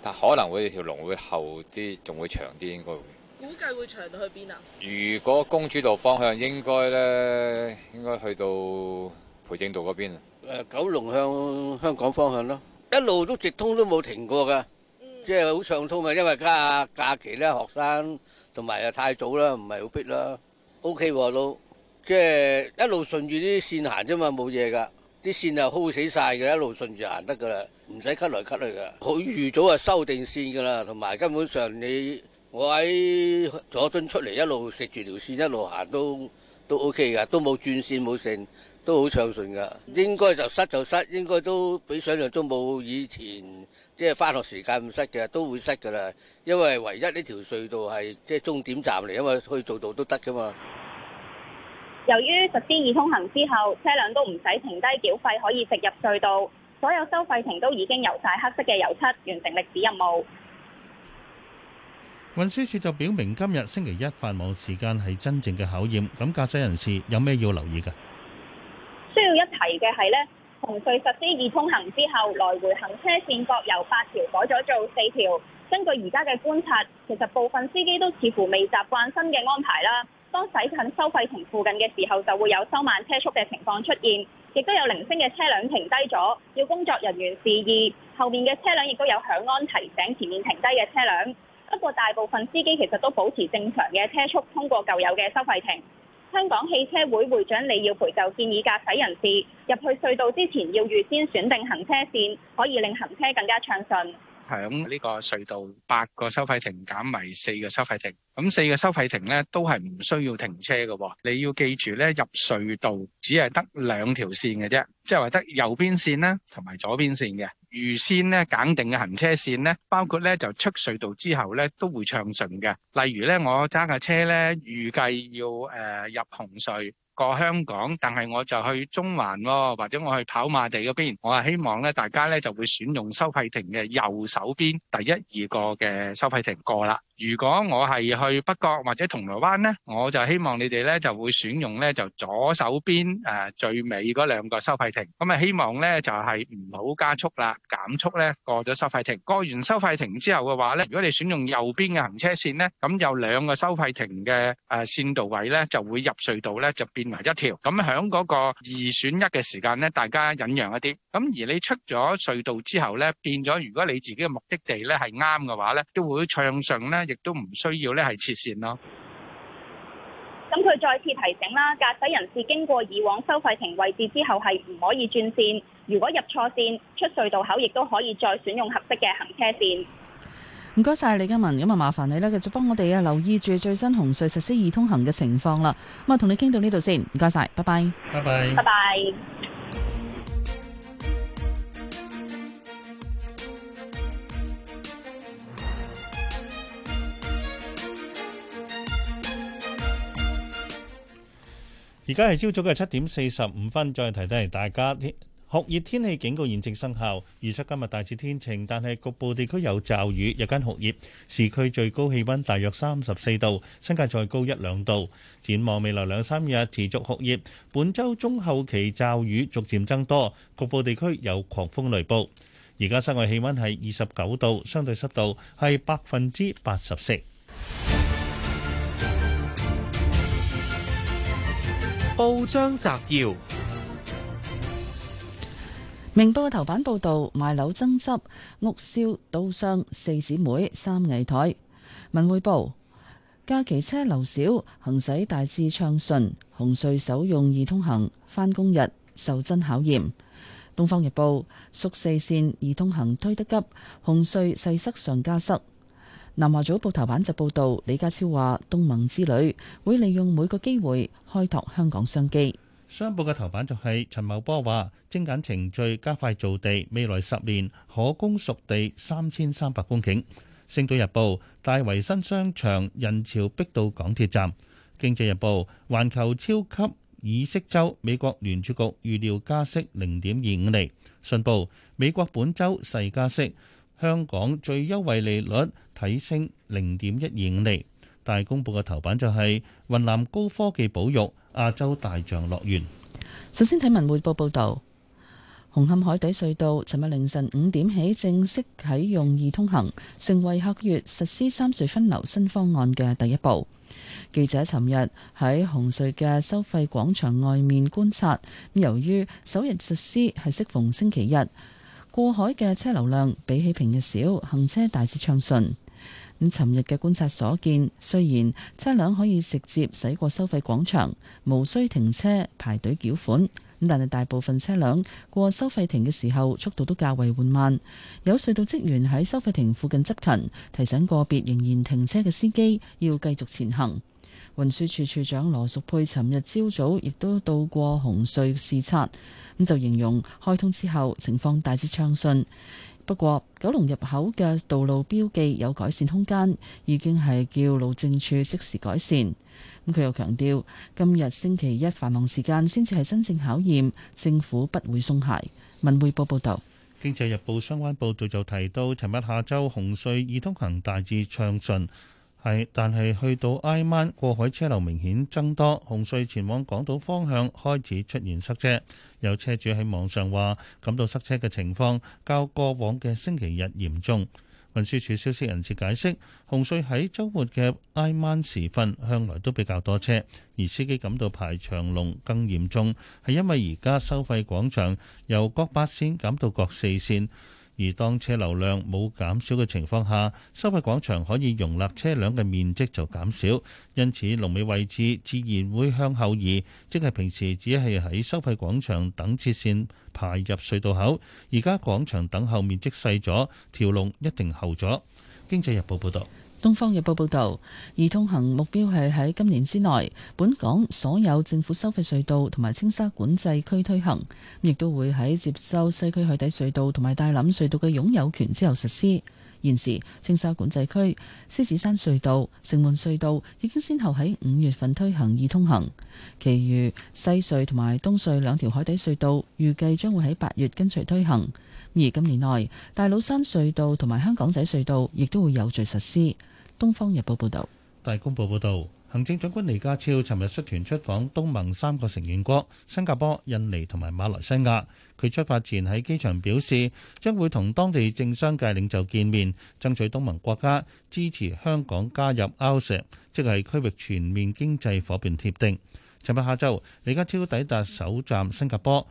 但可能會條龍會後啲，仲會長啲，應該會。估計會長到去邊啊？如果公主道方向，應該咧應該去到培正道嗰邊啊。誒、呃，九龍向香港方向咯，一路都直通都冇停過㗎，嗯、即係好暢通嘅。因為家下假期咧，學生同埋又太早啦，唔係好逼啦。O K 喎，老，即係一路順住啲線行啫嘛，冇嘢㗎。啲線啊，好死晒嘅，一路順住行得噶啦，唔使 cut 來 cut 去嘅。佢預早係修定線噶啦，同埋根本上你我喺佐敦出嚟，一路食住條線，一路行都都 OK 噶，都冇、OK、轉線冇剩，都好暢順噶。應該就塞就塞，應該都比想像中冇以前即係返學時間唔塞嘅，都會塞噶啦。因為唯一呢條隧道係即係終點站嚟，因為可以做到都得噶嘛。由於實施易通行之後，車輛都唔使停低繳費，可以直入隧道。所有收費亭都已經油晒黑色嘅油漆，完成歷史任務。運輸署就表明今，今日星期一繁忙時間係真正嘅考驗。咁駕駛人士有咩要留意嘅？需要一提嘅係呢，紅隧實施易通行之後，來回行車線各由八條改咗做四條。根據而家嘅觀察，其實部分司機都似乎未習慣新嘅安排啦。當駛近收費亭附近嘅時候，就會有收慢車速嘅情況出現，亦都有零星嘅車輛停低咗，要工作人員示意後面嘅車輛，亦都有響安提醒前面停低嘅車輛。不過大部分司機其實都保持正常嘅車速通過舊有嘅收費亭。香港汽車會會長李耀培就建議駕駛人士入去隧道之前要預先選定行車線，可以令行車更加暢順。喺呢個隧道八個收費亭減為四個收費亭，咁四個收費亭呢，都係唔需要停車嘅，哦。你要記住呢，入隧道只係得兩條線嘅啫，即係話得右邊線啦同埋左邊線嘅。預先呢揀定嘅行車線呢，包括呢就出隧道之後呢都會暢順嘅。例如呢，我揸架車呢，預計要誒、呃、入紅隧。過香港，但係我就去中環咯，或者我去跑馬地嗰邊，我係希望咧，大家咧就會選用收費亭嘅右手邊第一、二個嘅收費亭過啦。如果我係去北角或者銅鑼灣呢，我就希望你哋呢就會選用呢就左手邊誒最尾嗰兩個收費亭。咁啊希望呢就係唔好加速啦，減速呢過咗收費亭，過完收費亭之後嘅話呢，如果你選用右邊嘅行車線呢，咁有兩個收費亭嘅誒線道位呢就會入隧道呢就變為一條。咁喺嗰個二選一嘅時間呢，大家忍讓一啲。咁而你出咗隧道之後呢，變咗如果你自己嘅目的地呢係啱嘅話呢，都會暢順呢。亦都唔需要呢，係切線啦。咁佢再次提醒啦，駕駛人士經過以往收費亭位置之後，係唔可以轉線。如果入錯線，出隧道口亦都可以再選用合適嘅行車線。唔該晒李嘉文，咁啊麻煩你啦。繼續幫我哋留意住最新紅隧實施易通行嘅情況啦。咁啊，同你傾到呢度先，唔該晒，拜拜，拜拜，拜拜。拜拜。而家係朝早嘅七點四十五分，再提低大家。酷熱天氣警告現正生效，預測今日大致天晴，但係局部地區有驟雨，日間酷熱。市區最高氣溫大約三十四度，新界再高一兩度。展望未來兩三日持續酷熱，本周中後期驟雨逐漸增多，局部地區有狂風雷暴。而家室外氣溫係二十九度，相對濕度係百分之八十四。報章摘要：明報嘅頭版報道賣樓爭執，屋燒刀傷四姊妹三危殆。文匯報，假期車流少，行駛大致暢順，紅隧首用易通行。返工日受真考驗。東方日報，縮四線易通行，推得急，紅隧細塞上加塞。南華早報頭版就報道，李家超話：東盟之旅會利用每個機會開拓香港商機。商報嘅頭版就係陳茂波話，精簡程序加快造地，未來十年可供熟地三千三百公頃。星島日報大圍新商場人潮逼到港鐵站。經濟日報環球超級議息周，美國聯儲局預料加息零點二五厘。信報美國本周勢加息。香港最優惠利率提升零點一二五厘。大公報嘅頭版就係雲南高科技保育、亞洲大象樂園。首先睇文匯報報道，紅磡海底隧道尋日凌晨五點起正式啟用易通行，成為客月實施三隧分流新方案嘅第一步。記者尋日喺紅隧嘅收費廣場外面觀察，由於首日實施係適逢星期日。過海嘅車流量比起平日少，行車大致暢順。咁尋日嘅觀察所見，雖然車輛可以直接駛過收費廣場，無需停車排隊繳款，咁但係大部分車輛過收費亭嘅時候，速度都較為緩慢。有隧道職員喺收費亭附近執勤，提醒個別仍然停車嘅司機要繼續前行。運輸處處長羅淑佩尋日朝早亦都到過紅隧視察。咁就形容開通之後情況大致暢順，不過九龍入口嘅道路標記有改善空間，已經係叫路政處即時改善。咁佢又強調，今日星期一繁忙時間先至係真正考驗，政府不會鬆懈。文匯報報導，《經濟日報》相關報導就提到，尋日下午紅隧易通行，大致暢順。係，但係去到挨晚過海車流明顯增多，紅隧前往港島方向開始出現塞車，有車主喺網上話感到塞車嘅情況較過往嘅星期日嚴重。運輸署消息人士解釋，紅隧喺周末嘅挨晚時分向來都比較多車，而司機感到排長龍更嚴重，係因為而家收費廣場由國八線減到國四線。而當車流量冇減少嘅情況下，收費廣場可以容納車輛嘅面積就減少，因此龍尾位置自然會向後移，即係平時只係喺收費廣場等車線排入隧道口，而家廣場等候面積細咗，條龍一定後咗。經濟日報報導。《東方日報》報導，易通行目標係喺今年之內，本港所有政府收費隧道同埋青沙管制區推行，亦都會喺接收西區海底隧道同埋大欖隧道嘅擁有權之後實施。現時青沙管制區、獅子山隧道、城門隧道已經先後喺五月份推行易通行，其餘西隧同埋東隧兩條海底隧道，預計將會喺八月跟隨推行。而今年內，大老山隧道同埋香港仔隧道亦都會有序實施。《東方日報》報道。《大公報》報道，行政長官李家超尋日率團出訪東盟三個成員國：新加坡、印尼同埋馬來西亞。佢出發前喺機場表示，將會同當地政商界領袖見面，爭取東盟國家支持香港加入 RCEP 即係區域全面經濟伙伴協定。尋日下晝，李家超抵達首站新加坡。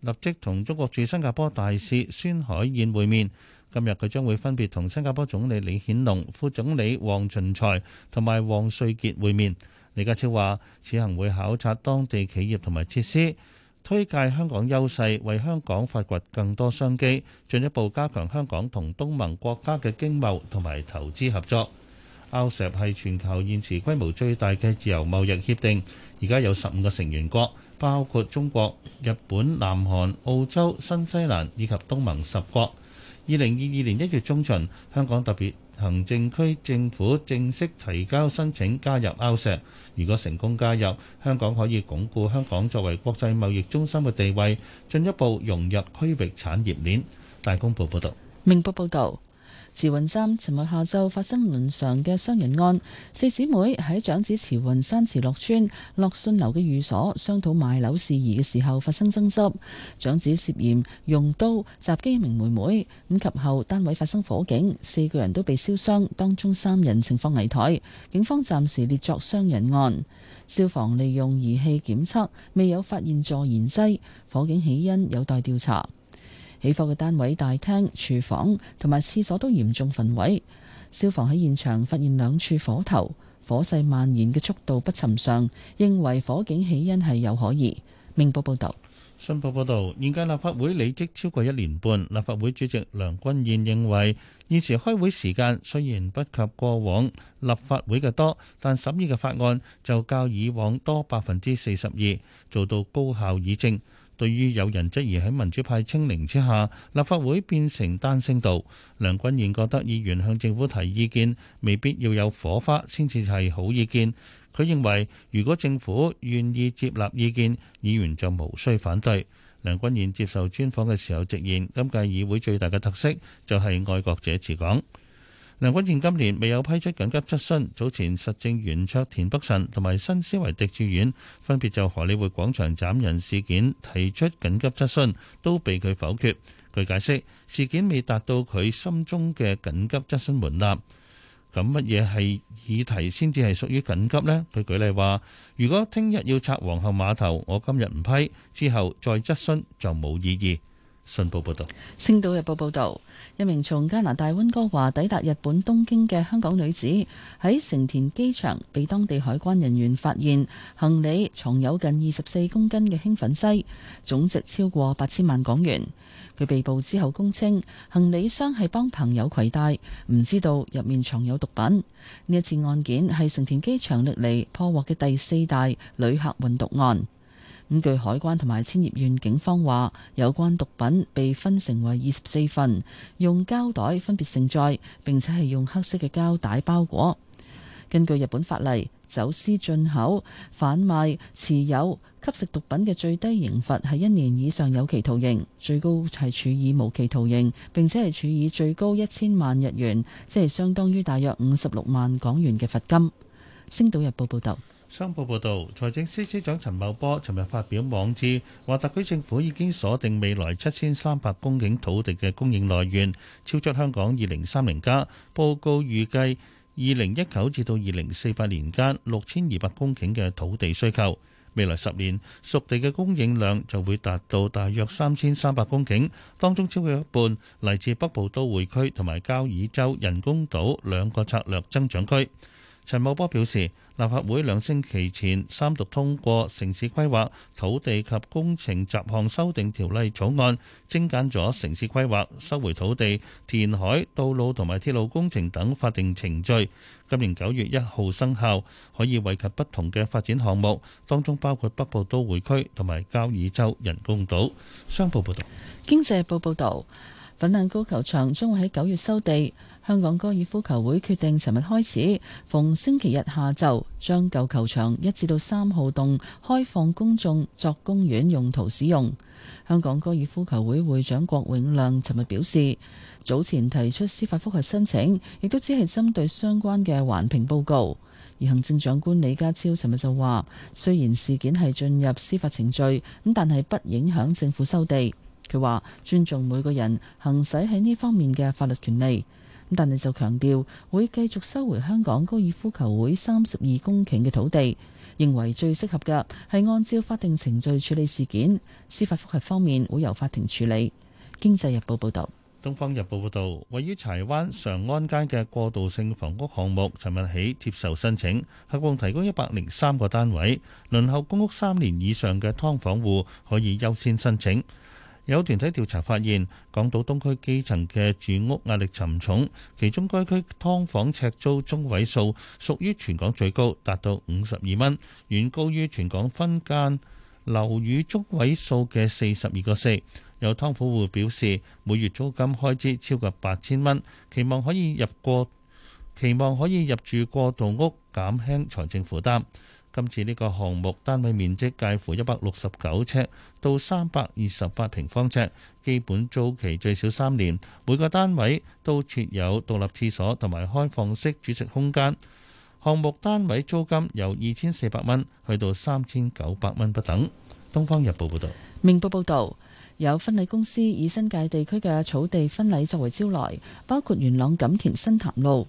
立即同中國駐新加坡大使孫海燕會面。今日佢將會分別同新加坡總理李顯龍、副總理黃循財同埋王瑞傑會面。李家超話：此行會考察當地企業同埋設施，推介香港優勢，為香港發掘更多商機，進一步加強香港同東盟國家嘅經貿同埋投資合作。RCEP 係全球現時規模最大嘅自由貿易協定，而家有十五個成員國。包括中國、日本、南韓、澳洲、新西蘭以及東盟十國。二零二二年一月中旬，香港特別行政區政府正式提交申請加入 RCEP。如果成功加入，香港可以鞏固香港作為國際貿易中心嘅地位，進一步融入區域產業鏈。大公報報道。明報報導。慈雲山尋日下晝發生倫常嘅傷人案，四姊妹喺長子慈雲山慈樂邨樂信樓嘅寓所商討買樓事宜嘅時候發生爭執，長子涉嫌用刀襲擊一名妹妹，咁及後單位發生火警，四個人都被燒傷，當中三人情況危殆，警方暫時列作傷人案。消防利用儀器檢測，未有發現助燃劑，火警起因有待調查。起火嘅單位大廳、廚房同埋廁所都嚴重焚毀，消防喺現場發現兩處火頭，火勢蔓延嘅速度不尋常，認為火警起因係有可疑。明報報導，新報報導，現屆立法會履職超過一年半，立法會主席梁君彥認為，現時開會時間雖然不及過往立法會嘅多，但審議嘅法案就較以往多百分之四十二，做到高效議政。對於有人質疑喺民主派清零之下，立法會變成單聲道，梁君彥覺得議員向政府提意見，未必要有火花先至係好意見。佢認為，如果政府願意接納意見，議員就無需反對。梁君彥接受專訪嘅時候直言，今屆議會最大嘅特色就係愛國者治港。梁君彥今年未有批出緊急質詢，早前實政圓桌田北辰同埋新思維狄志遠，分別就荷里活廣場斬人事件提出緊急質詢，都被佢否決。據解釋事件未達到佢心中嘅緊急質詢門檻。咁乜嘢係議題先至係屬於緊急呢？佢舉例話：如果聽日要拆皇后碼頭，我今日唔批，之後再質詢就冇意義。信報報道，《星島日報》報道。一名從加拿大溫哥華抵達日本東京嘅香港女子喺成田機場被當地海關人員發現行李藏有近二十四公斤嘅興奮劑，總值超過八千萬港元。佢被捕之後供稱，行李箱係幫朋友携帶，唔知道入面藏有毒品。呢一次案件係成田機場歷嚟破獲嘅第四大旅客運毒案。根據海關同埋千葉縣警方話，有關毒品被分成為二十四份，用膠袋分別盛載，並且係用黑色嘅膠帶包裹。根據日本法例，走私、進口、販賣、持有、吸食毒品嘅最低刑罰係一年以上有期徒刑，最高係處以無期徒刑，並且係處以最高一千萬日元，即係相當於大約五十六萬港元嘅罰金。《星島日報》報道。商報報導，財政司司長陳茂波尋日發表網誌，話特區政府已經鎖定未來七千三百公頃土地嘅供應來源，超出香港二零三零加。報告預計二零一九至到二零四八年間六千二百公頃嘅土地需求，未來十年熟地嘅供應量就會達到大約三千三百公頃，當中超過一半嚟自北部都會區同埋交椅洲人工島兩個策略增長區。陳茂波表示，立法會兩星期前三讀通過《城市規劃土地及工程雜項修訂條例草案》，精簡咗城市規劃收回土地、填海、道路同埋鐵路工程等法定程序。今年九月一號生效，可以惠及不同嘅發展項目，當中包括北部都會區同埋交椅洲人工島。商報報道，經濟報報道，粉嶺高球場將會喺九月收地。香港高爾夫球會決定，尋日開始，逢星期日下晝，將舊球場一至到三號洞開放公眾作公園用途使用。香港高爾夫球會會長郭永亮尋日表示，早前提出司法複核申請，亦都只係針對相關嘅環評報告。而行政長官李家超尋日就話，雖然事件係進入司法程序咁，但係不影響政府收地。佢話尊重每個人行使喺呢方面嘅法律權利。但係就強調會繼續收回香港高爾夫球會三十二公頃嘅土地，認為最適合嘅係按照法定程序處理事件。司法覆核方面會由法庭處理。經濟日報報導，東方日報報導，位於柴灣常安街嘅過渡性房屋項目，尋日起接受申請，合共提供一百零三個單位，輪候公屋三年以上嘅劏房戶可以優先申請。有團體調查發現，港島東區基層嘅住屋壓力沉重，其中該區劏房尺租中位數屬於全港最高，達到五十二蚊，遠高於全港分間樓宇中位數嘅四十二個四。有劏房戶表示，每月租金開支超過八千蚊，期望可以入過，期望可以入住過渡屋，減輕財政負擔。今次呢個項目單位面積介乎一百六十九尺到三百二十八平方尺，基本租期最少三年。每個單位都設有獨立廁所同埋開放式煮食空間。項目單位租金由二千四百蚊去到三千九百蚊不等。《東方日報》報道。《明報》報道，有婚禮公司以新界地區嘅草地婚禮作為招來，包括元朗錦田新潭路。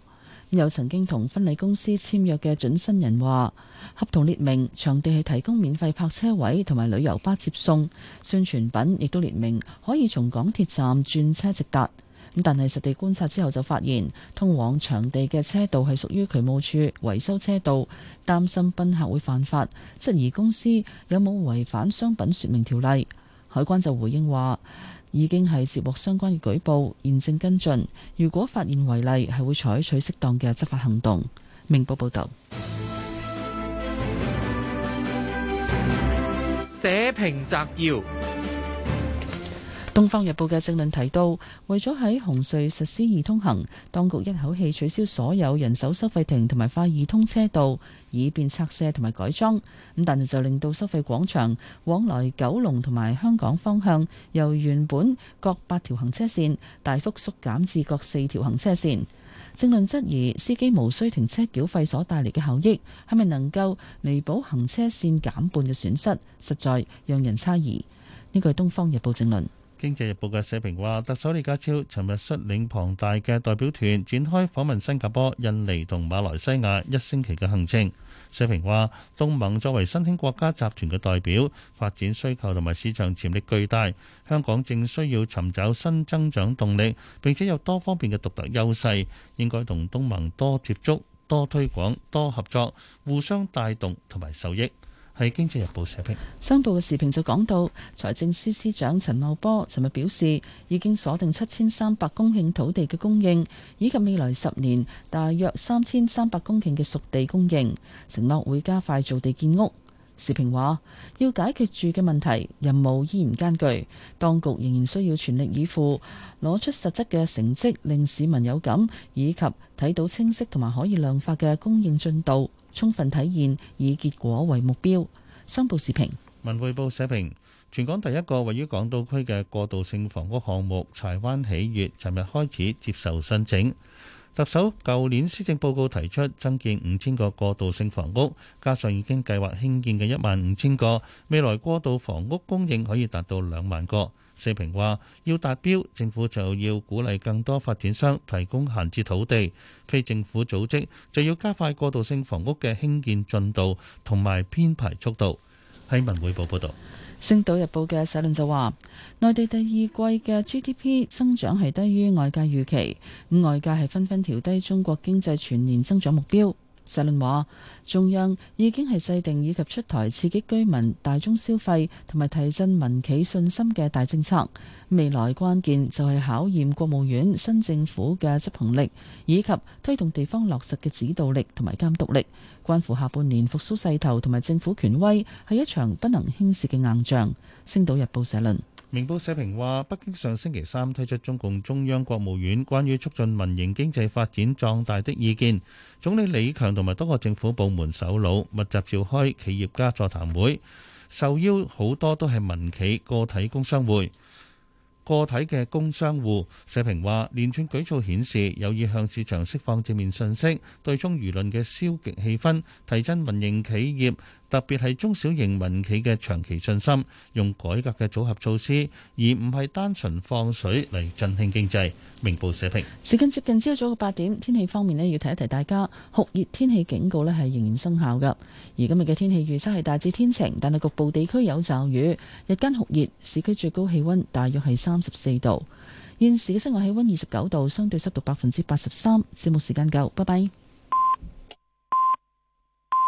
有曾經同婚禮公司簽約嘅準新人話，合同列明場地係提供免費泊車位同埋旅遊巴接送，宣傳品亦都列明可以從港鐵站轉車直達。咁但係實地觀察之後就發現，通往場地嘅車道係屬於渠務處維修車道，擔心賓客會犯法，質疑公司有冇違反商品說明條例。海關就回應話。已經係接獲相關嘅舉報，現正跟進。如果發現違例，係會採取適當嘅執法行動。明報報道。社評摘要。《東方日報》嘅政論提到，為咗喺紅隧實施易通行，當局一口氣取消所有人手收費亭同埋快易通車道，以便拆卸同埋改裝。咁但係就令到收費廣場往來九龍同埋香港方向由原本各八條行車線大幅縮減至各四條行車線。政論質疑司機無需停車繳費所帶嚟嘅效益係咪能夠彌補行車線減半嘅損失，實在讓人猜疑。呢個係《東方日報》政論。《經濟日報》嘅社評話，特首李家超尋日率領龐大嘅代表團，展開訪問新加坡、印尼同馬來西亞一星期嘅行程。社評話，東盟作為新興國家集團嘅代表，發展需求同埋市場潛力巨大，香港正需要尋找新增長動力，並且有多方面嘅獨特優勢，應該同東盟多接觸、多推廣、多合作，互相帶動同埋受益。係《經濟日報》寫的，商報嘅時評就講到，財政司司長陳茂波尋日表示，已經鎖定七千三百公頃土地嘅供應，以及未來十年大約三千三百公頃嘅熟地供應，承諾會加快造地建屋。時評話，要解決住嘅問題，任務依然艱巨，當局仍然需要全力以赴，攞出實質嘅成績，令市民有感，以及睇到清晰同埋可以量化嘅供應進度。充分體現以結果為目標，商報時評。文匯報社評，全港第一個位於港島區嘅過渡性房屋項目柴灣喜悅，尋日開始接受申請。特首舊年施政報告提出增建五千個過渡性房屋，加上已經計劃興建嘅一萬五千個，未來過渡房屋供應可以達到兩萬個。四平話：要達標，政府就要鼓勵更多發展商提供閒置土地；非政府組織就要加快過渡性房屋嘅興建進度同埋編排速度。喺文匯報報道，《星島日報》嘅社論就話：內地第二季嘅 GDP 增長係低於外界預期，外界係紛紛調低中國經濟全年增長目標。社論話，中央已經係制定以及出台刺激居民大宗消費同埋提振民企信心嘅大政策，未來關鍵就係考驗國務院新政府嘅執行力以及推動地方落實嘅指導力同埋監督力，關乎下半年復蘇勢頭同埋政府權威，係一場不能輕視嘅硬仗。星島日報社論。明報社評話，北京上星期三推出中共中央國務院關於促進民營經濟發展壯大的意見，總理李強同埋多個政府部門首腦密集召開企業家座談會，受邀好多都係民企、個體工商戶、個體嘅工商戶。社評話，連串舉措顯示有意向市場釋放正面信息，對沖輿論嘅消極氣氛，提振民營企業。特別係中小型民企嘅長期信心，用改革嘅組合措施，而唔係單純放水嚟振興經濟。明報社評。時間接近朝早嘅八點，天氣方面呢，要提一提大家酷熱天氣警告呢係仍然生效㗎。而今日嘅天氣預測係大致天晴，但係局部地區有驟雨，日間酷熱，市區最高氣温大約係三十四度。現時嘅室外氣溫二十九度，相對濕度百分之八十三。節目時間夠，拜拜。